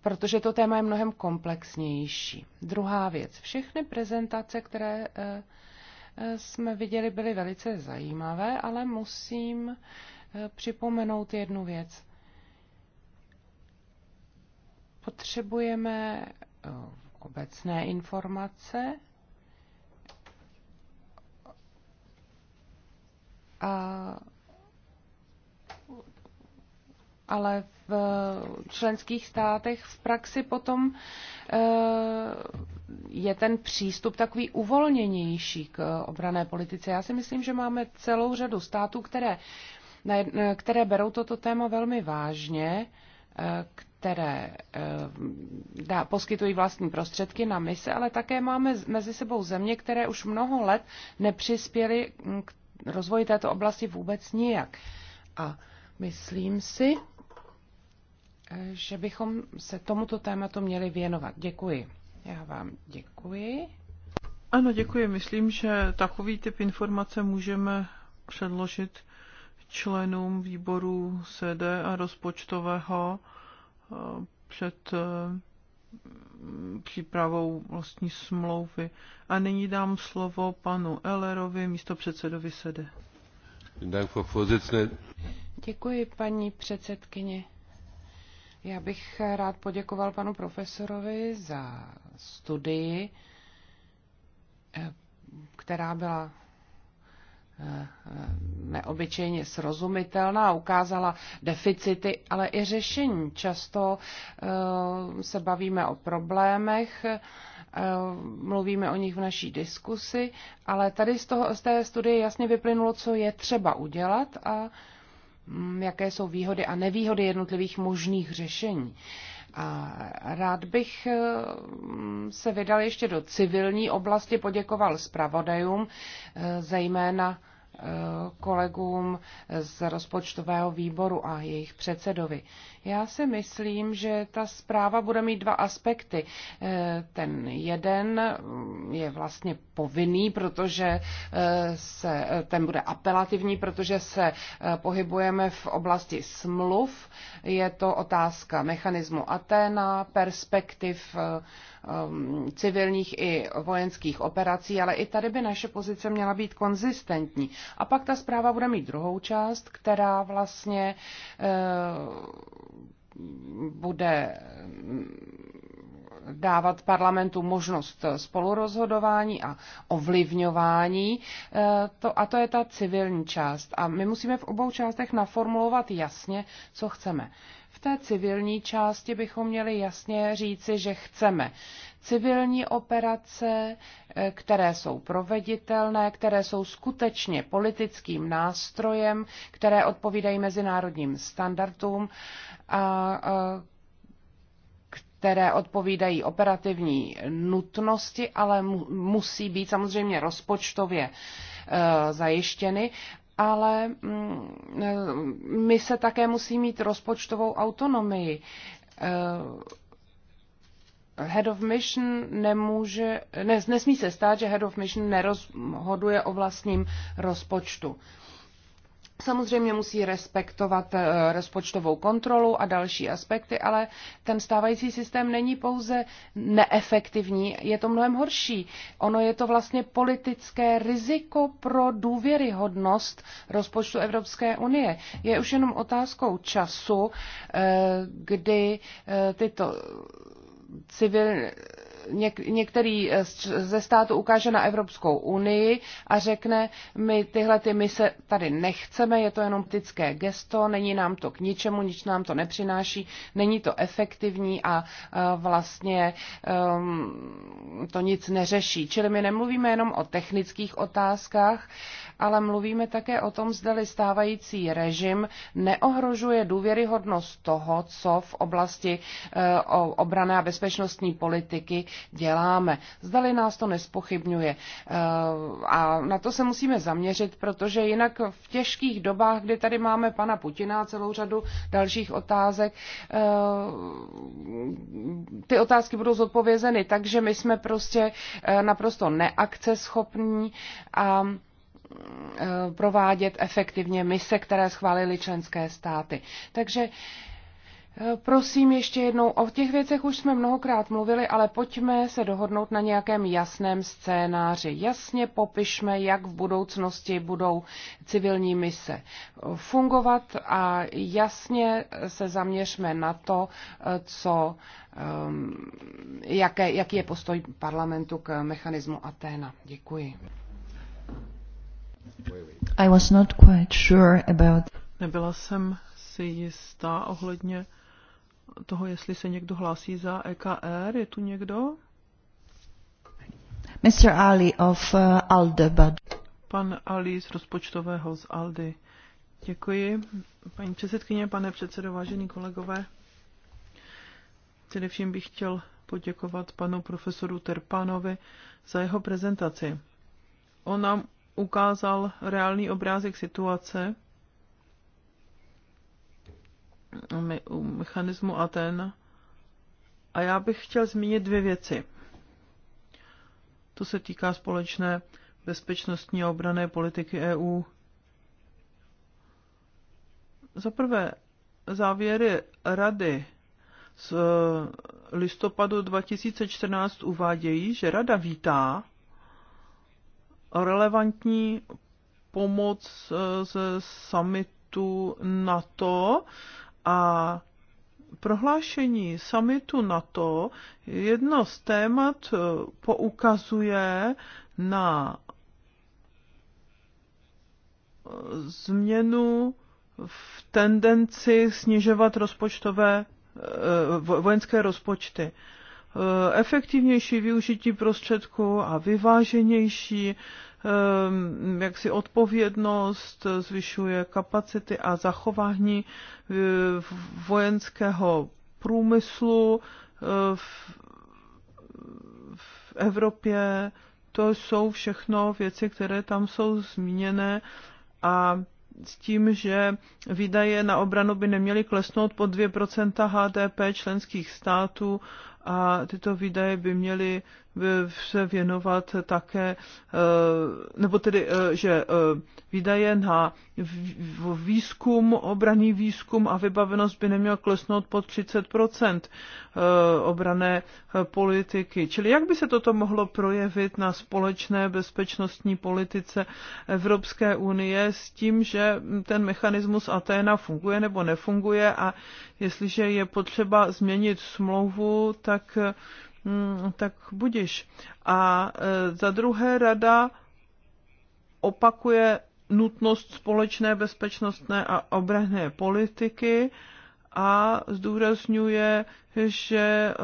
protože to téma je mnohem komplexnější. Druhá věc. Všechny prezentace, které eh, eh, jsme viděli, byly velice zajímavé, ale musím eh, připomenout jednu věc. Potřebujeme obecné informace a ale v eh, členských státech v praxi potom eh, je ten přístup takový uvolněnější k obrané politice. Já si myslím, že máme celou řadu států, které, které berou toto téma velmi vážně, eh, které dá, poskytují vlastní prostředky na mise, ale také máme mezi sebou země, které už mnoho let nepřispěly k rozvoji této oblasti vůbec nijak. A myslím si, že bychom se tomuto tématu měli věnovat. Děkuji. Já vám děkuji. Ano, děkuji. Myslím, že takový typ informace můžeme předložit členům výboru CD a rozpočtového eh, před eh, přípravou vlastní smlouvy. A nyní dám slovo panu Ellerovi, místo předsedovi SEDE. Děkuji, paní předsedkyně. Já bych rád poděkoval panu profesorovi za studii, eh, která byla eh, neobyčejně srozumitelná, ukázala deficity, ale i řešení. Často eh, se bavíme o problémech, mluvíme o nich v naší diskusi, ale tady z, toho, z té studie jasně vyplynulo, co je třeba udělat a Mm, jaké jsou výhody a nevýhody jednotlivých možných řešení. A rád bych eh, mm, se vydal ještě do civilní oblasti, poděkoval zpravodajům, eh, zejména Eh, kolegům z rozpočtového výboru a jejich předsedovi. Já si myslím, že ta zpráva bude mít dva aspekty. Eh, ten jeden je vlastně povinný, protože eh, se, ten bude apelativní, protože se pohybujeme v oblasti smluv. Je to otázka mechanismu Aténa, perspektiv Um, civilních i vojenských operací, ale i tady by naše pozice měla být konzistentní. A pak ta zpráva bude mít druhou část, která vlastně eh, bude dávat parlamentu možnost spolurozhodování a ovlivňování. Eh, to, a to je ta civilní část. A my musíme v obou částech naformulovat jasně, co chceme. V té civilní části bychom měli jasně říci, že chceme civilní operace, eh, které jsou proveditelné, které jsou skutečně politickým nástrojem, které odpovídají mezinárodním standardům a které odpovídají operativní nutnosti, ale musí být samozřejmě rozpočtově e, zajištěny, ale mm, e, my se také musí mít rozpočtovou autonomii. E, head of Mission nemůže, ne, nesmí se stát, že Head of Mission nerozhoduje o vlastním rozpočtu. Samozřejmě musí respektovat eh, rozpočtovou kontrolu a další aspekty, ale ten stávající systém není pouze neefektivní, je to mnohem horší. Ono je to vlastně politické riziko pro důvěryhodnost rozpočtu Evropské unie. Je už jenom otázkou času, eh, kdy eh, tyto civil, něk, některý eh, ze států ukáže na Evropskou unii a řekne, my tyhle ty mise tady nechceme, je to jenom ptické gesto, není nám to k ničemu, nic nám to nepřináší, není to efektivní a eh, vlastně um, to nic neřeší. Čili my nemluvíme jenom o technických otázkách, ale mluvíme také o tom, zdali stávající režim neohrožuje důvěryhodnost toho, co v oblasti eh, obrané a bezpečnostní politiky děláme. Zdali nás to nespochybňuje. Eh, a na to se musíme zaměřit, protože jinak v těžkých dobách, kdy tady máme pana Putina a celou řadu dalších otázek, eh, ty otázky budou zodpovězeny, takže my jsme prostě eh, naprosto neakceschopní a provádět efektivně mise, které schválili členské státy. Takže Prosím ještě jednou, o těch věcech už jsme mnohokrát mluvili, ale pojďme se dohodnout na nějakém jasném scénáři. Jasně popišme, jak v budoucnosti budou civilní mise fungovat a jasně se zaměřme na to, co, um, jaké, jaký je postoj parlamentu k mechanismu Aténa. Děkuji. I was not quite sure about... Nebyla jsem si jistá ohledně toho, jestli se někdo hlásí za EKR. Je tu někdo? Mr. Ali of uh, ALDE. But... Pan Ali z rozpočtového z Aldy. Děkuji. Paní předsedkyně, pane předsedo, vážení kolegové. Především bych chtěl poděkovat panu profesoru Terpánovi za jeho prezentaci. On nám ukázal reálný obrázek situace, mechanismu a ten. A já bych chtěl zmínit dvě věci. To se týká společné bezpečnostní a obrané politiky EU. Za prvé, závěry Rady z eh, listopadu 2014 uvádějí, že Rada vítá relevantní pomoc eh, ze summitu NATO a prohlášení samitu NATO jedno z témat eh, poukazuje na eh, změnu v tendenci snižovat rozpočtové eh, vojenské rozpočty. Efektivnější využití prostředků a vyváženější Ehm, jaksi odpovědnost, zvyšuje kapacity a zachování eh, vojenského průmyslu eh, v, v Evropě. To jsou všechno věci, které tam jsou zmíněné a s tím, že výdaje na obranu by neměly klesnout pod 2 HDP členských států a tyto výdaje by měly se věnovat také, eh, nebo tedy, eh, že eh, výdaje na výzkum, obraný výzkum a vybavenost by neměla klesnout pod 30 obrané politiky. Čili jak by se toto mohlo projevit na společné bezpečnostní politice Evropské unie s tím, že ten mechanismus Atena funguje nebo nefunguje a jestliže je potřeba změnit smlouvu, tak tak, mm, tak budiš. A e, za druhé rada opakuje nutnost společné bezpečnostné a obranné politiky a zdůrazňuje, že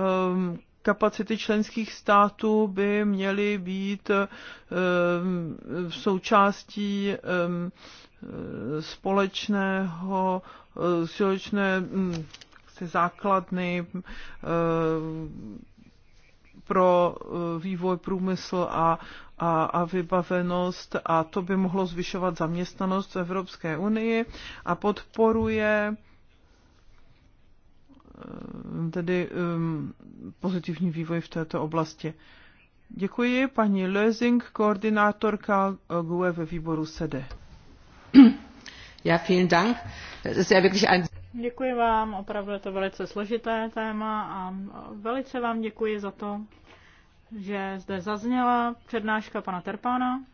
kapacity členských států by měly být v součástí společného e, společné mm, jaksi základny eh, pro eh, vývoj průmysl a, a, a vybavenost a to by mohlo zvyšovat zaměstnanost v Evropské unii a podporuje eh, tedy um, pozitivní vývoj v této oblasti. Děkuji paní Lösing, koordinátorka GUE ve výboru SEDE. Ja, vielen Dank. Das ist ja wirklich ein Děkuji vám, opravdu je to velice složité téma a velice vám děkuji za to, že zde zazněla přednáška pana Terpána,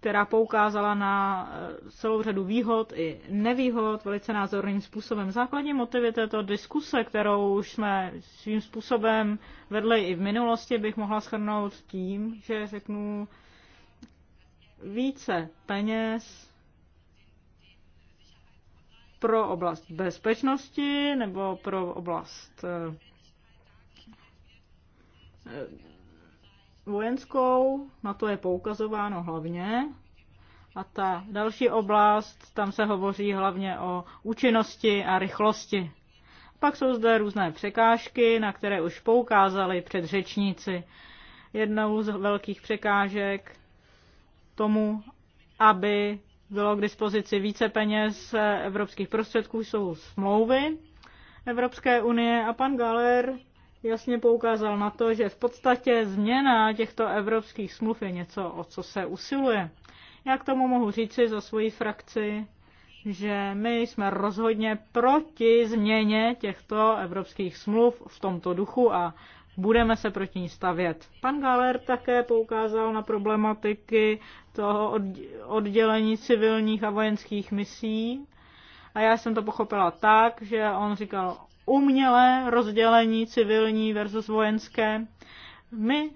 která poukázala na eh, celou řadu výhod i nevýhod velice názorným způsobem. Základní motivy této diskuse, kterou už jsme svým způsobem vedli i v minulosti, bych mohla shrnout tím, že řeknu více peněz pro oblast bezpečnosti nebo pro oblast eh, eh, vojenskou, na to je poukazováno hlavně. A ta další oblast, tam se hovoří hlavně o účinnosti a rychlosti. Pak jsou zde různé překážky, na které už poukázali předřečníci. Jednou z velkých překážek tomu, aby bylo k dispozici více peněz evropských prostředků, jsou smlouvy Evropské unie a pan Galer jasně poukázal na to, že v podstatě změna těchto evropských smluv je něco, o co se usiluje. Já k tomu mohu říci za svoji frakci, že my jsme rozhodně proti změně těchto evropských smluv v tomto duchu a budeme se proti ní stavět. Pan Galer také poukázal na problematiky toho oddělení civilních a vojenských misí. A já jsem to pochopila tak, že on říkal umělé rozdělení civilní versus vojenské. My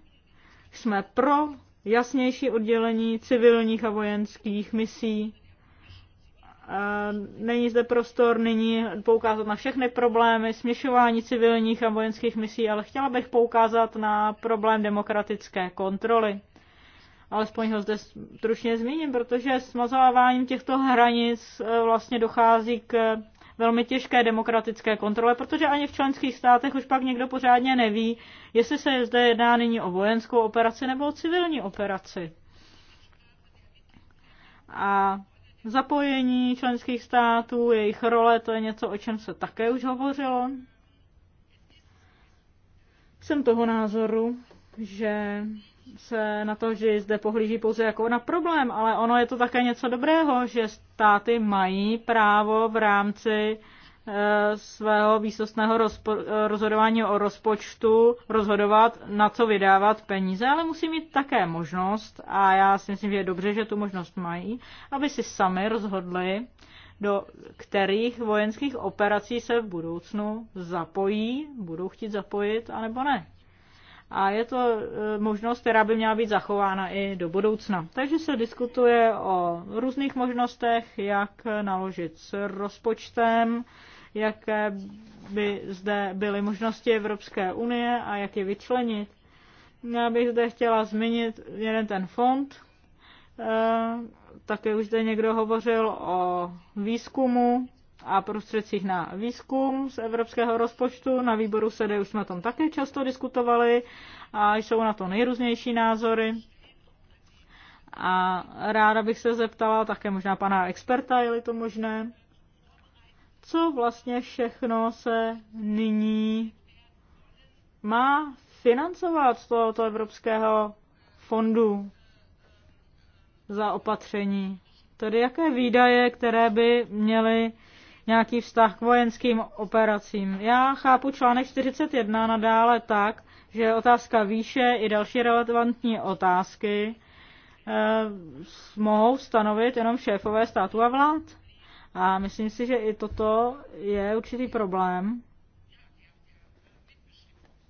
jsme pro jasnější oddělení civilních a vojenských misí Eh, není zde prostor nyní poukázat na všechny problémy směšování civilních a vojenských misí, ale chtěla bych poukázat na problém demokratické kontroly. Alespoň ho zde stručně zmíním, protože smazáváním těchto hranic eh, vlastně dochází k velmi těžké demokratické kontrole, protože ani v členských státech už pak někdo pořádně neví, jestli se zde jedná nyní o vojenskou operaci nebo o civilní operaci. A Zapojení členských států, jejich role, to je něco, o čem se také už hovořilo. Jsem toho názoru, že se na to, že zde pohlíží pouze jako na problém, ale ono je to také něco dobrého, že státy mají právo v rámci Eh, svého výsostného rozhodování o rozpočtu rozhodovat, na co vydávat peníze, ale musí mít také možnost, a já si myslím, že je dobře, že tu možnost mají, aby si sami rozhodli, do kterých vojenských operací se v budoucnu zapojí, budou chtít zapojit, anebo ne. A je to eh, možnost, která by měla být zachována i do budoucna. Takže se diskutuje o různých možnostech, jak naložit s rozpočtem, jaké by zde byly možnosti Evropské unie a jak je vyčlenit. Já bych zde chtěla zmínit jeden ten fond. Eh, také už zde někdo hovořil o výzkumu a prostředcích na výzkum z evropského rozpočtu. Na výboru SEDE už jsme o tom také často diskutovali a jsou na to nejrůznější názory. A ráda bych se zeptala také možná pana experta, je-li to možné, co vlastně všechno se nyní má financovat z tohoto Evropského fondu za opatření. Tedy jaké výdaje, které by měly nějaký vztah k vojenským operacím. Já chápu článek 41 nadále tak, že otázka výše i další relevantní otázky eh, mohou stanovit jenom šéfové státu a vlád. A myslím si, že i toto je určitý problém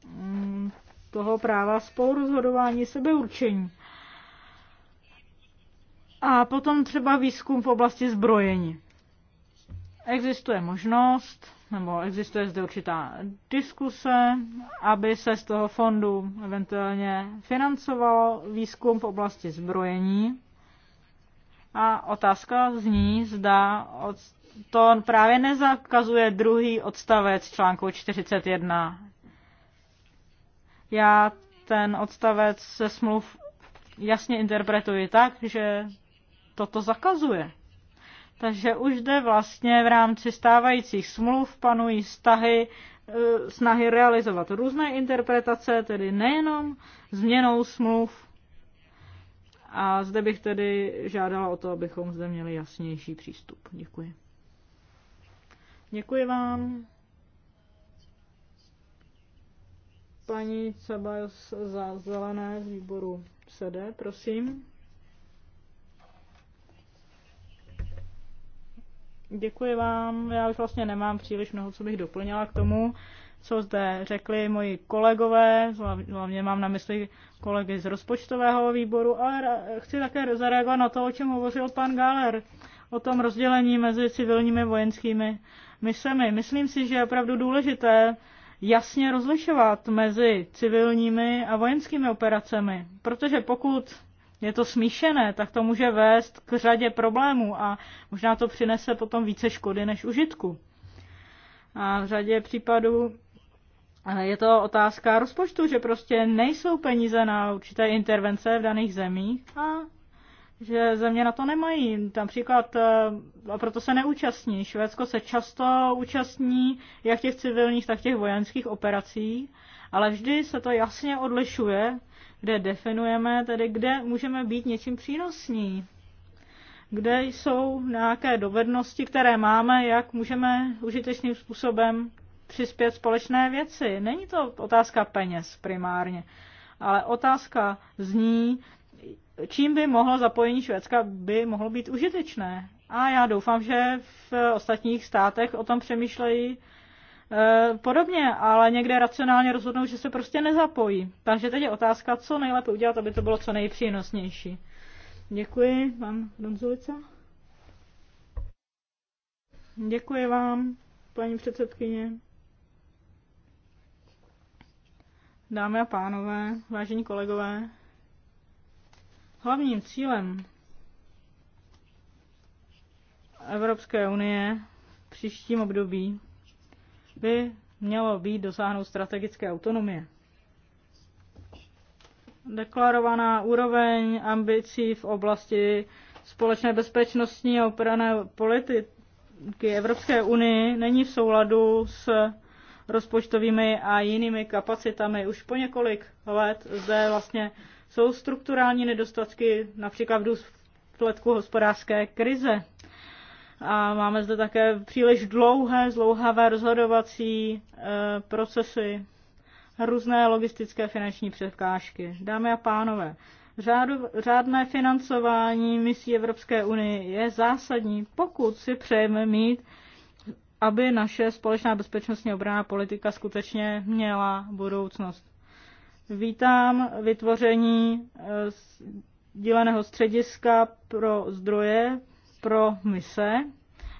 mm, toho práva spolurozhodování sebeurčení. A potom třeba výzkum v oblasti zbrojení. Existuje možnost, nebo existuje zde určitá diskuse, aby se z toho fondu eventuálně financovalo výzkum v oblasti zbrojení. A otázka zní, zda to právě nezakazuje druhý odstavec článku 41. Já ten odstavec se smluv jasně interpretuji tak, že toto zakazuje. Takže už zde vlastně v rámci stávajících smluv panují stahy, e, snahy realizovat různé interpretace, tedy nejenom změnou smluv, a zde bych tedy žádala o to, abychom zde měli jasnější přístup. Děkuji. Děkuji vám. Paní Cabajos za zelené z výboru sede, prosím. Děkuji vám. Já už vlastně nemám příliš mnoho, co bych doplnila k tomu, co zde řekli moji kolegové, hlavně mám na mysli kolegy z rozpočtového výboru, ale chci také zareagovat na to, o čem hovořil pan Galer, o tom rozdělení mezi civilními a vojenskými misemi. Myslím si, že je opravdu důležité jasně rozlišovat mezi civilními a vojenskými operacemi, protože pokud je to smíšené, tak to může vést k řadě problémů a možná to přinese potom více škody než užitku. A v řadě případů je to otázka rozpočtu, že prostě nejsou peníze na určité intervence v daných zemích a že země na to nemají. Například, eh, a proto se neúčastní. Švédsko se často účastní jak těch civilních, tak těch vojenských operací, ale vždy se to jasně odlišuje, kde definujeme, tedy kde můžeme být něčím přínosní. Kde jsou nějaké dovednosti, které máme, jak můžeme užitečným způsobem přispět společné věci. Není to otázka peněz primárně, ale otázka zní, čím by mohlo zapojení Švédska by mohlo být užitečné. A já doufám, že v ostatních státech o tom přemýšlejí e, podobně, ale někde racionálně rozhodnou, že se prostě nezapojí. Takže teď je otázka, co nejlépe udělat, aby to bylo co nejpřínosnější. Děkuji vám, Donzulica. Děkuji vám, paní předsedkyně. Dámy a pánové, vážení kolegové, hlavním cílem Evropské unie v příštím období by mělo být dosáhnout strategické autonomie. Deklarovaná úroveň ambicí v oblasti společné bezpečnostní a operané politiky Evropské unie není v souladu s rozpočtovými a jinými kapacitami. Už po několik let zde vlastně jsou strukturální nedostatky, například v důsledku hospodářské krize. A máme zde také příliš dlouhé, zlouhavé rozhodovací e, procesy, různé logistické finanční překážky. Dámy a pánové, řádu, řádné financování misí Evropské unie je zásadní, pokud si přejeme mít aby naše společná bezpečnostní obraná politika skutečně měla budoucnost. Vítám vytvoření eh, díleného střediska pro zdroje pro mise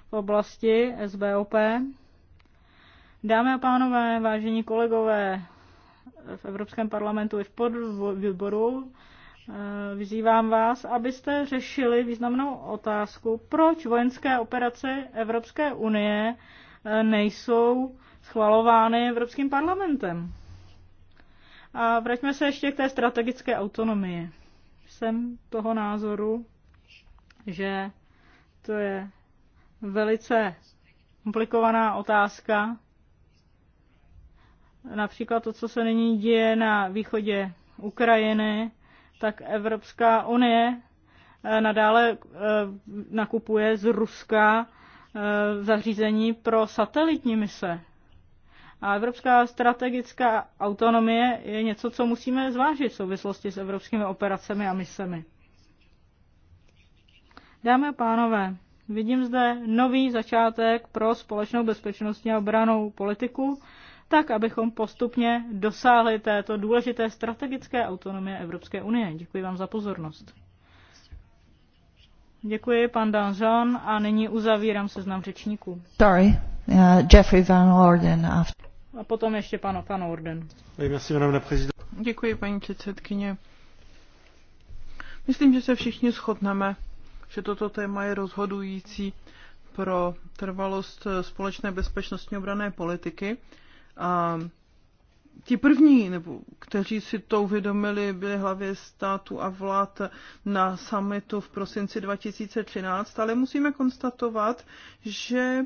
v oblasti SBOP. Dámy a pánové, vážení kolegové, v Evropském parlamentu i v podvýboru Eh, vyzývám vás, abyste řešili významnou otázku, proč vojenské operace Evropské unie eh, nejsou schvalovány Evropským parlamentem. A vraťme se ještě k té strategické autonomii. Jsem toho názoru, že to je velice komplikovaná otázka. Například to, co se nyní děje na východě Ukrajiny, tak Evropská unie eh, nadále eh, nakupuje z Ruska eh, zařízení pro satelitní mise. A evropská strategická autonomie je něco, co musíme zvážit v souvislosti s evropskými operacemi a misemi. Dámy a pánové, vidím zde nový začátek pro společnou bezpečnostní a obranou politiku tak abychom postupně dosáhli této důležité strategické autonomie Evropské unie. Děkuji vám za pozornost. Děkuji, pan Danžan, a nyní uzavírám seznam řečníků. Sorry, uh, Jeffrey Van Orden. After. A potom ještě pan, pan Orden. Děkuji, paní předsedkyně. Myslím, že se všichni shodneme, že toto téma je rozhodující pro trvalost společné bezpečnostní obrané politiky a ti první, nebo kteří si to uvědomili, byli hlavě státu a vlád na summitu v prosinci 2013, ale musíme konstatovat, že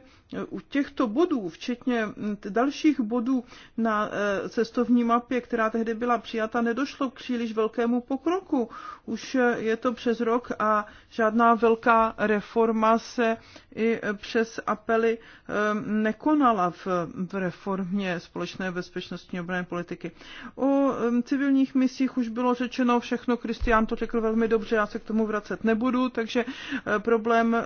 u těchto bodů, včetně mm, dalších bodů na e, cestovní mapě, která tehdy byla přijata, nedošlo k příliš velkému pokroku. Už e, je to přes rok a žádná velká reforma se i přes apely e, nekonala v, reformě společné bezpečnostní obrané politiky. O civilních misích už bylo řečeno všechno, Kristián to řekl velmi dobře, já se k tomu vracet nebudu, takže problém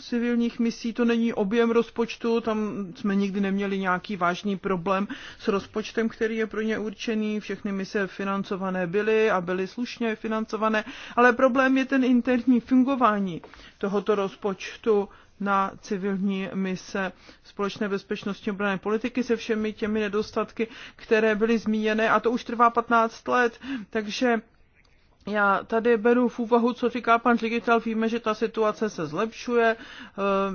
civilních misí to není objem rozpočtu, rozpočtu, tam jsme nikdy neměli nějaký vážný problém s rozpočtem, který je pro ně určený, všechny mise financované byly a byly slušně financované, ale problém je ten interní fungování tohoto rozpočtu na civilní mise společné bezpečnosti obrané politiky se všemi těmi nedostatky, které byly zmíněny a to už trvá 15 let, takže já tady beru v úvahu, co říká pan ředitel, víme, že ta situace se zlepšuje eh,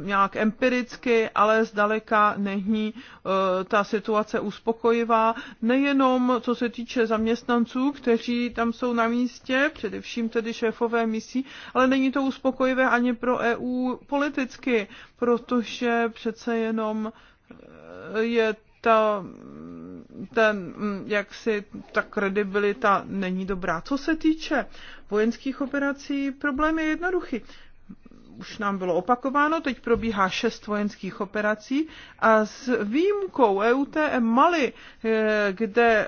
nějak empiricky, ale zdaleka není eh, ta situace uspokojivá. Nejenom co se týče zaměstnanců, kteří tam jsou na místě, především tedy šéfové misí, ale není to uspokojivé ani pro EU politicky, protože přece jenom eh, je ta, ten, mm, jak si ta kredibilita není dobrá. Co se týče vojenských operací, problém je jednoduchý už nám bylo opakováno, teď probíhá šest vojenských operací a s výjimkou EUTM Mali, eh, kde eh,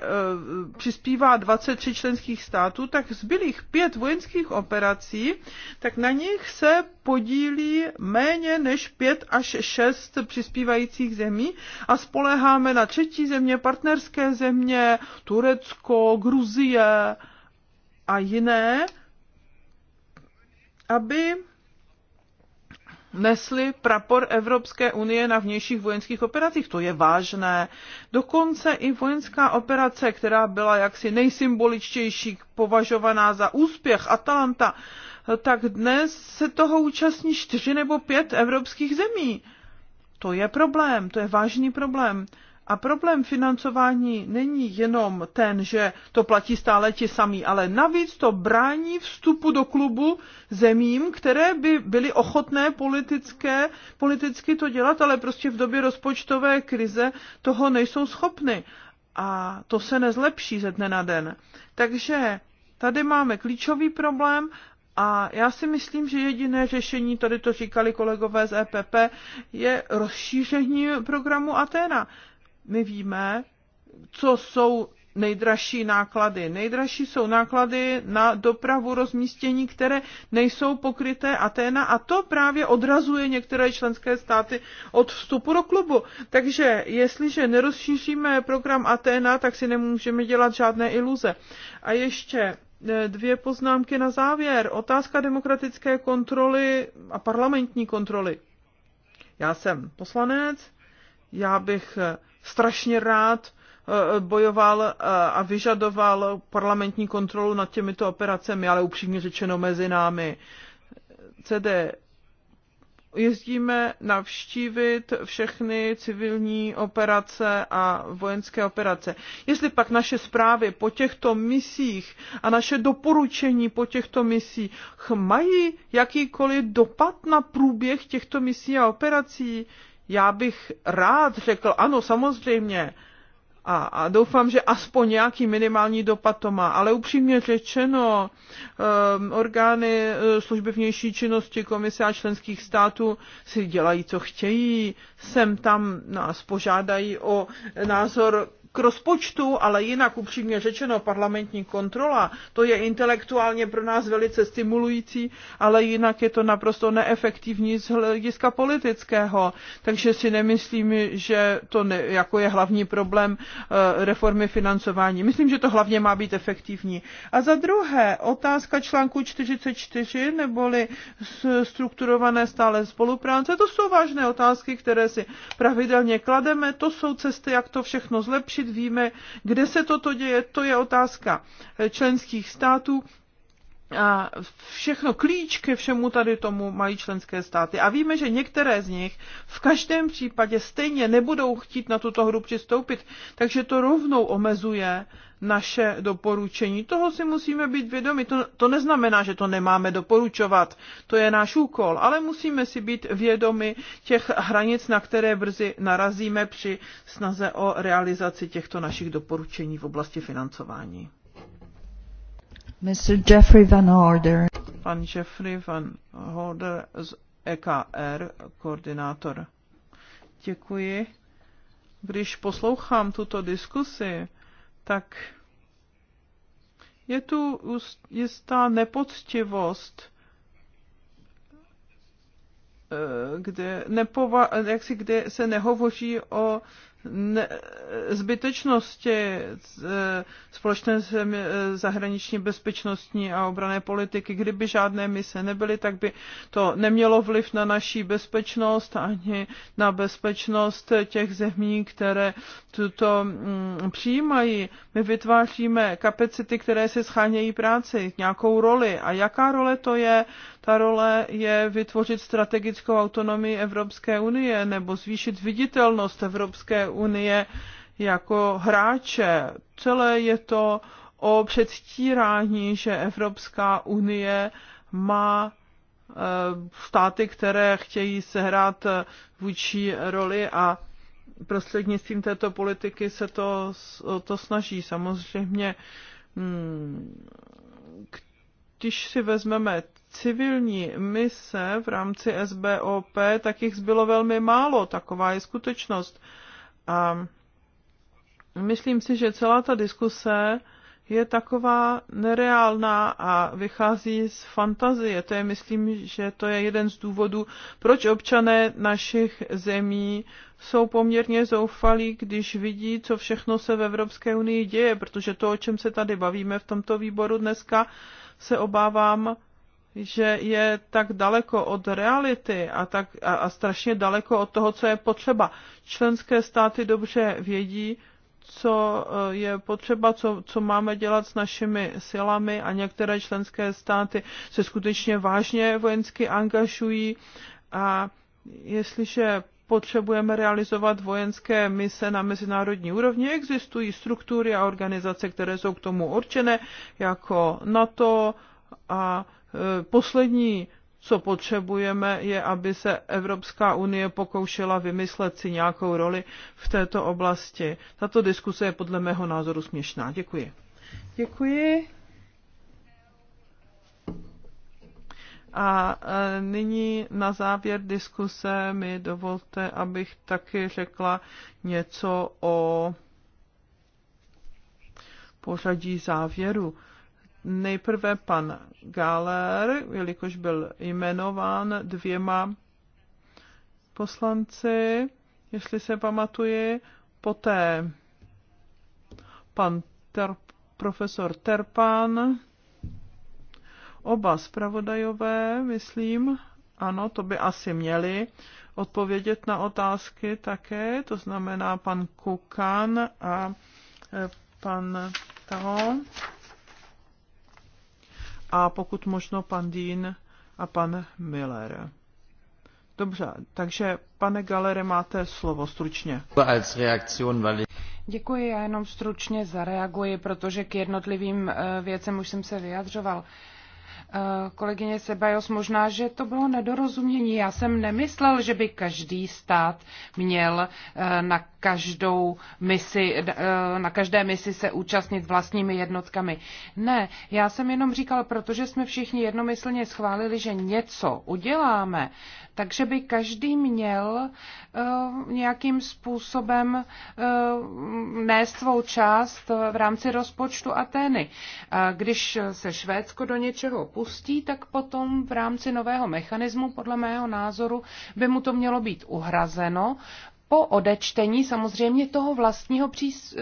přispívá 23 členských států, tak zbylých pět vojenských operací, tak na nich se podílí méně než pět až šest přispívajících zemí a spoleháme na třetí země, partnerské země, Turecko, Gruzie a jiné, aby nesli prapor Evropské unie na vnějších vojenských operacích. To je vážné. Dokonce i vojenská operace, která byla jaksi nejsymboličtější, považovaná za úspěch Atalanta, tak dnes se toho účastní čtyři nebo pět evropských zemí. To je problém, to je vážný problém. A problém financování není jenom ten, že to platí stále ti samí, ale navíc to brání vstupu do klubu zemím, které by byly ochotné politické, politicky to dělat, ale prostě v době rozpočtové krize toho nejsou schopny. A to se nezlepší ze dne na den. Takže tady máme klíčový problém a já si myslím, že jediné řešení, tady to říkali kolegové z EPP, je rozšíření programu Atena my víme, co jsou nejdražší náklady. Nejdražší jsou náklady na dopravu rozmístění, které nejsou pokryté Aténa a to právě odrazuje některé členské státy od vstupu do klubu. Takže jestliže nerozšíříme program Aténa, tak si nemůžeme dělat žádné iluze. A ještě eh, dvě poznámky na závěr. Otázka demokratické kontroly a parlamentní kontroly. Já jsem poslanec, já bych eh, strašně rád eh, bojoval eh, a vyžadoval parlamentní kontrolu nad těmito operacemi, ale upřímně řečeno mezi námi. CD jezdíme navštívit všechny civilní operace a vojenské operace. Jestli pak naše zprávy po těchto misích a naše doporučení po těchto misích mají jakýkoliv dopad na průběh těchto misí a operací, já bych rád řekl, ano, samozřejmě, a, a doufám, že aspoň nějaký minimální dopad to má. Ale upřímně řečeno, um, orgány e, služby vnější činnosti komise a členských států si dělají, co chtějí. Sem tam nás požádají o názor k rozpočtu, ale jinak upřímně řečeno parlamentní kontrola, to je intelektuálně pro nás velice stimulující, ale jinak je to naprosto neefektivní z hlediska politického. Takže si nemyslím, že to ne, jako je hlavní problém eh, reformy financování. Myslím, že to hlavně má být efektivní. A za druhé, otázka článku 44, neboli strukturované stále spolupráce, to jsou vážné otázky, které si pravidelně klademe, to jsou cesty, jak to všechno zlepšit, řešit. Víme, kde se toto děje, to je otázka členských států a všechno klíč ke všemu tady tomu mají členské státy. A víme, že některé z nich v každém případě stejně nebudou chtít na tuto hru přistoupit, takže to rovnou omezuje naše doporučení. Toho si musíme být vědomi. To, to neznamená, že to nemáme doporučovat. To je náš úkol, ale musíme si být vědomi těch hranic, na které brzy narazíme při snaze o realizaci těchto našich doporučení v oblasti financování. Mr. Jeffrey Van Order. Pan Jeffrey Van Order z EKR, koordinátor. Děkuji. Když poslouchám tuto diskusi, tak je tu jistá nepoctivost, eh, kde, nepova, jaksi, kde se nehovoří o zbytečnosti e, společné e, zahraniční bezpečnostní a obrané politiky. Kdyby žádné mise nebyly, tak by to nemělo vliv na naší bezpečnost ani na bezpečnost těch zemí, které tuto mm, přijímají. My vytváříme kapacity, které se schánějí práci, nějakou roli. A jaká role to je? Ta role je vytvořit strategickou autonomii Evropské unie nebo zvýšit viditelnost Evropské unie jako hráče. Celé je to o předstírání, že Evropská unie má eh, státy, které chtějí sehrát eh, vůči roli a prostřednictvím této politiky se to, to snaží. Samozřejmě, hm, když si vezmeme civilní mise v rámci SBOP, tak jich zbylo velmi málo. Taková je skutečnost. A myslím si, že celá ta diskuse je taková nereálná a vychází z fantazie. To je, myslím, že to je jeden z důvodů, proč občané našich zemí jsou poměrně zoufalí, když vidí, co všechno se v Evropské unii děje, protože to, o čem se tady bavíme v tomto výboru dneska, se obávám, že je tak daleko od reality a, tak, a, a strašně daleko od toho, co je potřeba. Členské státy dobře vědí, co eh, je potřeba, co, co máme dělat s našimi silami a některé členské státy se skutečně vážně vojensky angažují a jestliže potřebujeme realizovat vojenské mise na mezinárodní úrovni. Existují struktury a organizace, které jsou k tomu určené, jako NATO a Eh, poslední, co potřebujeme, je, aby se Evropská unie pokoušela vymyslet si nějakou roli v této oblasti. Tato diskuse je podle mého názoru směšná. Děkuji. Děkuji. A eh, nyní na závěr diskuse mi dovolte, abych taky řekla něco o pořadí závěru. Nejprve pan Galer, jelikož byl jmenován dvěma poslanci, jestli se pamatuji, poté pan Ter, profesor Terpan, oba zpravodajové, myslím, ano, to by asi měli odpovědět na otázky také, to znamená pan Kukan a e, pan Taron a pokud možno pan Dín a pan Miller. Dobře, takže pane Galere, máte slovo stručně. Děkuji, já jenom stručně zareaguji, protože k jednotlivým eh, věcem už jsem se vyjadřoval. Eh, kolegyně Sebajos, možná, že to bylo nedorozumění. Já jsem nemyslel, že by každý stát měl eh, na každou misi, eh, na každé misi se účastnit vlastními jednotkami. Ne, já jsem jenom říkal, protože jsme všichni jednomyslně schválili, že něco uděláme, takže by každý měl nějakým způsobem nést svou část v rámci rozpočtu Atény. Když se Švédsko do něčeho pustí, pustí, tak potom v rámci nového mechanismu, podle mého názoru, by mu to mělo být uhrazeno po odečtení samozřejmě toho vlastního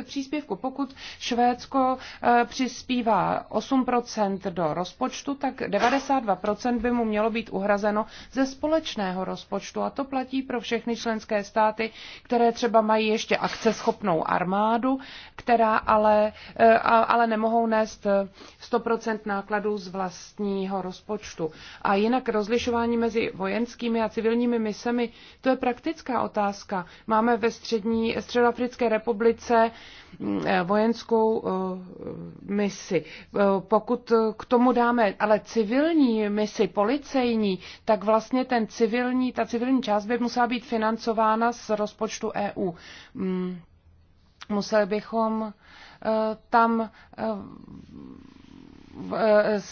příspěvku. Pokud Švédsko eh, přispívá 8% do rozpočtu, tak 92% by mu mělo být uhrazeno ze společného rozpočtu. A to platí pro všechny členské státy, které třeba mají ještě akceschopnou armádu, která ale, eh, ale nemohou nést 100% eh, nákladů z vlastního rozpočtu. A jinak rozlišování mezi vojenskými a civilními misemi, to je praktická otázka Máme ve střední, Středoafrické republice mm, eh, vojenskou eh, misi. Eh, pokud k tomu dáme ale civilní misi, policejní, tak vlastně ten civilní, ta civilní část by musela být financována z rozpočtu EU. Mm, museli bychom tam Eh,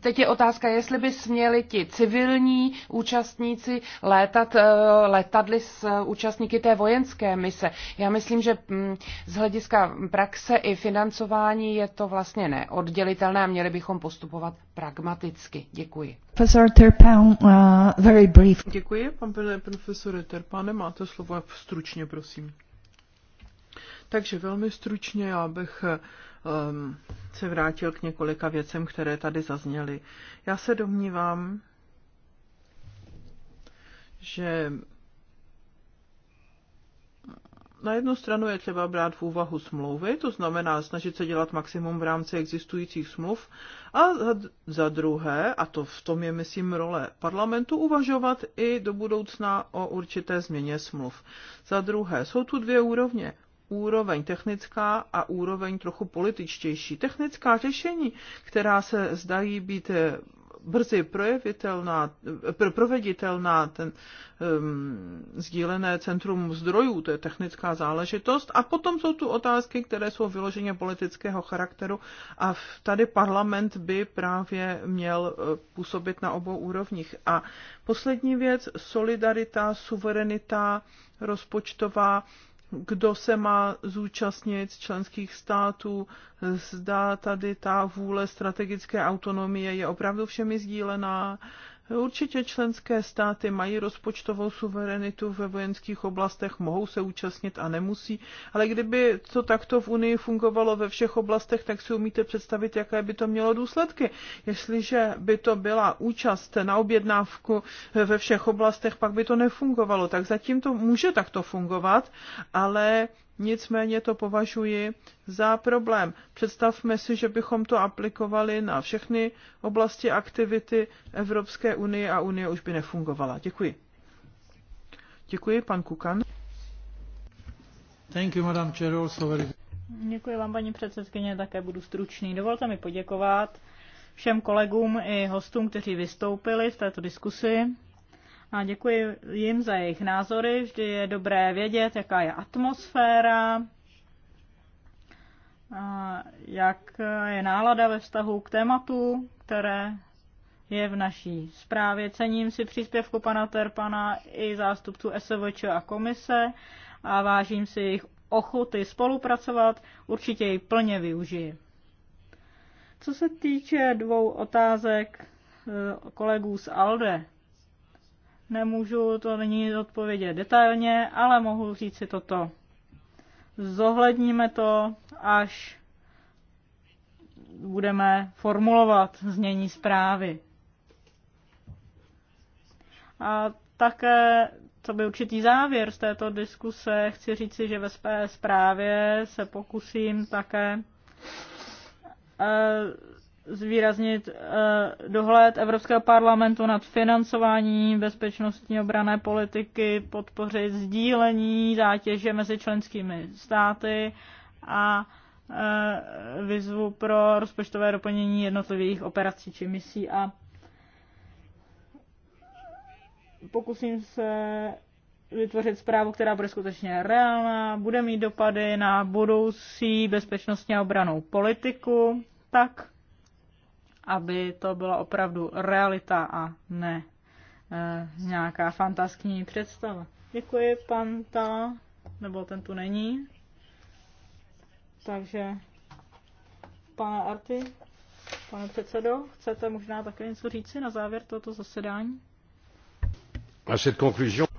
teď je otázka, jestli by směli ti civilní účastníci létat eh, letadly s eh, účastníky té vojenské mise. Já myslím, že mm, z hlediska praxe i financování je to vlastně neoddělitelné a měli bychom postupovat pragmaticky. Děkuji. Profesor Terpan, uh, very brief. Děkuji, pan profesor Terpane, máte slovo stručně, prosím. Takže velmi stručně já bych um, se vrátil k několika věcem, které tady zazněly. Já se domnívám, že na jednu stranu je třeba brát v úvahu smlouvy, to znamená snažit se dělat maximum v rámci existujících smluv, a za druhé, a to v tom je, myslím, role parlamentu, uvažovat i do budoucna o určité změně smluv. Za druhé, jsou tu dvě úrovně úroveň technická a úroveň trochu političtější. Technická řešení, která se zdají být eh, brzy projevitelná, eh, proveditelná, ten um, sdílené centrum zdrojů, to je technická záležitost. A potom jsou tu otázky, které jsou vyloženě politického charakteru a tady parlament by právě měl eh, působit na obou úrovních. A poslední věc, solidarita, suverenita rozpočtová, kdo se má zúčastnit členských států. Zdá tady ta vůle strategické autonomie je opravdu všemi sdílená Určitě členské státy mají rozpočtovou suverenitu ve vojenských oblastech, mohou se účastnit a nemusí, ale kdyby to takto v Unii fungovalo ve všech oblastech, tak si umíte představit, jaké by to mělo důsledky. Jestliže by to byla účast na objednávku ve všech oblastech, pak by to nefungovalo. Tak zatím to může takto fungovat, ale nicméně to považuji za problém. Představme si, že bychom to aplikovali na všechny oblasti aktivity Evropské unie a unie už by nefungovala. Děkuji. Děkuji, pan Kukan. Thank you, Madam Chair, also very... Děkuji vám, paní předsedkyně, také budu stručný. Dovolte mi poděkovat všem kolegům i hostům, kteří vystoupili v této diskusi a děkuji jim za jejich názory. Vždy je dobré vědět, jaká je atmosféra, jak je nálada ve vztahu k tématu, které je v naší zprávě. Cením si příspěvku pana Terpana i zástupců SVČ a komise a vážím si jejich ochoty spolupracovat, určitě ji plně využiji. Co se týče dvou otázek eh, kolegů z ALDE, nemůžu to nyní odpovědět detailně, ale mohu říct si toto. Zohledníme to, až budeme formulovat znění zprávy. A také, co by určitý závěr z této diskuse, chci říci, že ve své zprávě se pokusím také eh, zvýraznit eh, dohled Evropského parlamentu nad financování bezpečnostní obrané politiky, podpořit sdílení zátěže mezi členskými státy a eh, výzvu pro rozpočtové doplnění jednotlivých operací či misí a pokusím se vytvořit zprávu, která bude skutečně reálná, bude mít dopady na budoucí bezpečnostní obranou politiku, tak, aby to byla opravdu realita a ne e, nějaká fantaskní představa. Děkuji, pan Tala, nebo ten tu není. Takže, pane Arty, pane předsedo, chcete možná také něco říci na závěr tohoto zasedání? A cette conclusion...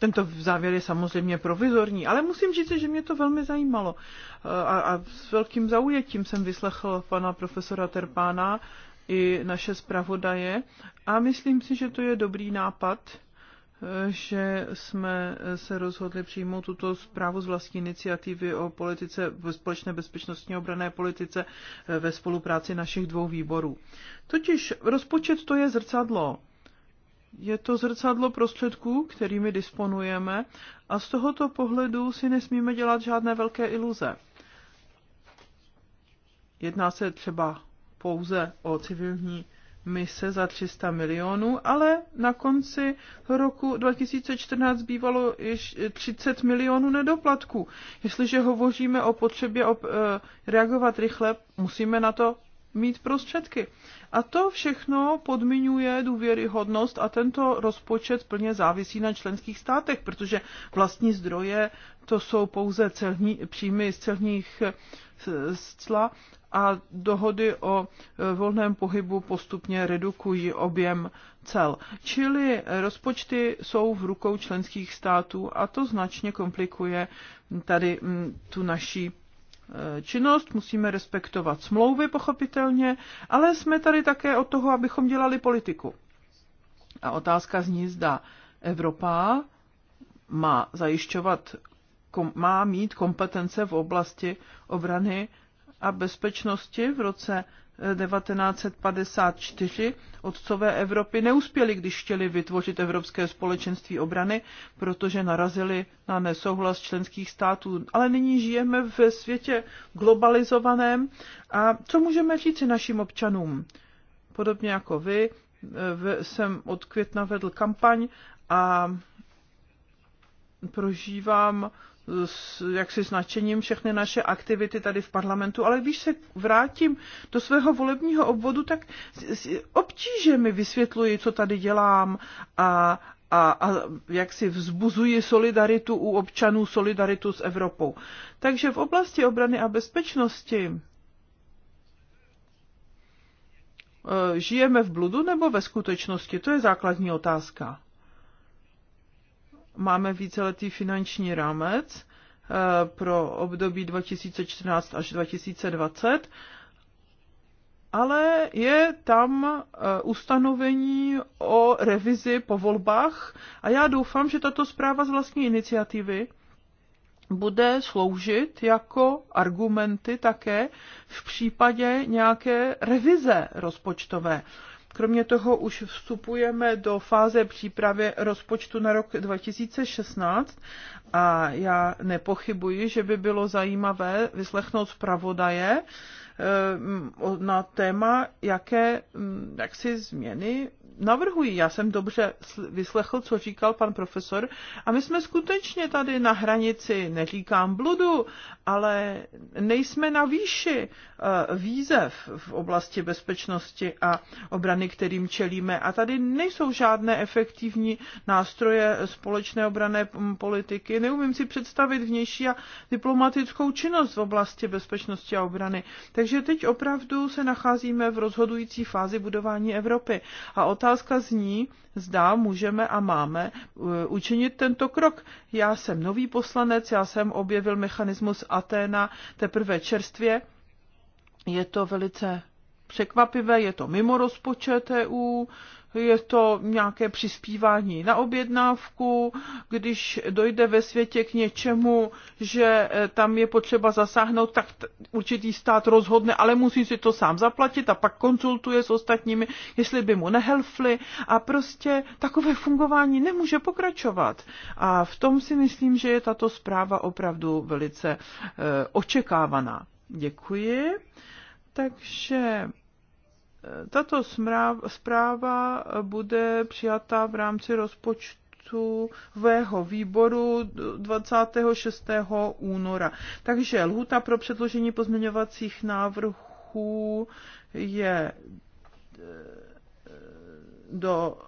Tento závěr je samozřejmě provizorní, ale musím říct, že mě to velmi zajímalo. A, a s velkým zaujetím jsem vyslechl pana profesora Terpána i naše zpravodaje a myslím si, že to je dobrý nápad, eh, že jsme se rozhodli přijmout tuto zprávu z vlastní iniciativy o politice, společné bezpečnostní obrané politice eh, ve spolupráci našich dvou výborů. Totiž rozpočet to je zrcadlo je to zrcadlo prostředků, kterými disponujeme a z tohoto pohledu si nesmíme dělat žádné velké iluze. Jedná se třeba pouze o civilní mise za 300 milionů, ale na konci roku 2014 bývalo již 30 milionů nedoplatků. Jestliže hovoříme o potřebě eh, reagovat rychle, musíme na to mít prostředky. A to všechno podmiňuje důvěryhodnost a tento rozpočet plně závisí na členských státech, protože vlastní zdroje to jsou pouze celní, příjmy z celních cla a dohody o e, volném pohybu postupně redukují objem cel. Čili rozpočty jsou v rukou členských států a to značně komplikuje tady tu naší Eh, činnost, musíme respektovat smlouvy, pochopitelně, ale jsme tady také od toho, abychom dělali politiku. A otázka zní, zda Evropa má zajišťovat, kom, má mít kompetence v oblasti obrany a bezpečnosti v roce 1954 otcové Evropy neuspěli, když chtěli vytvořit Evropské společenství obrany, protože narazili na nesouhlas členských států. Ale nyní žijeme ve světě globalizovaném a co můžeme říct našim občanům? Podobně jako vy, jsem od května vedl kampaň a prožívám s, jaksi s nadšením všechny naše aktivity tady v parlamentu, ale když se vrátím do svého volebního obvodu, tak s, obtíže mi vysvětluji, co tady dělám a, a, a jak si vzbuzuji solidaritu u občanů, solidaritu s Evropou. Takže v oblasti obrany a bezpečnosti e, žijeme v bludu nebo ve skutečnosti? To je základní otázka máme víceletý finanční rámec eh, pro období 2014 až 2020, ale je tam eh, ustanovení o revizi po volbách a já doufám, že tato zpráva z vlastní iniciativy bude sloužit jako argumenty také v případě nějaké revize rozpočtové. Kromě toho už vstupujeme do fáze přípravy rozpočtu na rok 2016 a já nepochybuji, že by bylo zajímavé vyslechnout zpravodaje eh, na téma, jaké jaksi změny navrhují. Já jsem dobře vyslechl, co říkal pan profesor a my jsme skutečně tady na hranici, neříkám bludu, ale nejsme na výši eh, výzev v oblasti bezpečnosti a obrany, kterým čelíme. A tady nejsou žádné efektivní nástroje společné obrané politiky. Neumím si představit vnější a diplomatickou činnost v oblasti bezpečnosti a obrany. Takže teď opravdu se nacházíme v rozhodující fázi budování Evropy. A otázka otázka zní, zdá můžeme a máme eh, učinit tento krok. Já jsem nový poslanec, já jsem objevil mechanismus Aténa teprve čerstvě. Je to velice překvapivé, je to mimo rozpočet EU, je to nějaké přispívání na objednávku, když dojde ve světě k něčemu, že eh, tam je potřeba zasáhnout, tak určitý stát rozhodne, ale musí si to sám zaplatit a pak konzultuje s ostatními, jestli by mu nehelfli a prostě takové fungování nemůže pokračovat. A v tom si myslím, že je tato zpráva opravdu velice e, očekávaná. Děkuji. Takže tato zpráva bude přijata v rámci Vého výboru 26. února. Takže lhuta pro předložení pozměňovacích návrhů je e, e, do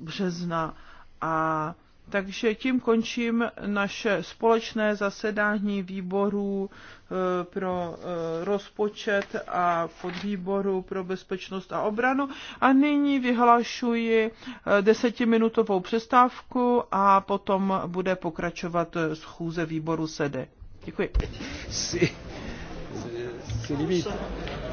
března a takže tím končím naše společné zasedání výborů eh, pro eh, rozpočet a podvýboru pro bezpečnost a obranu. A nyní vyhlašuji eh, desetiminutovou přestávku a potom bude pokračovat schůze výboru SEDE. E. Děkuji. si, si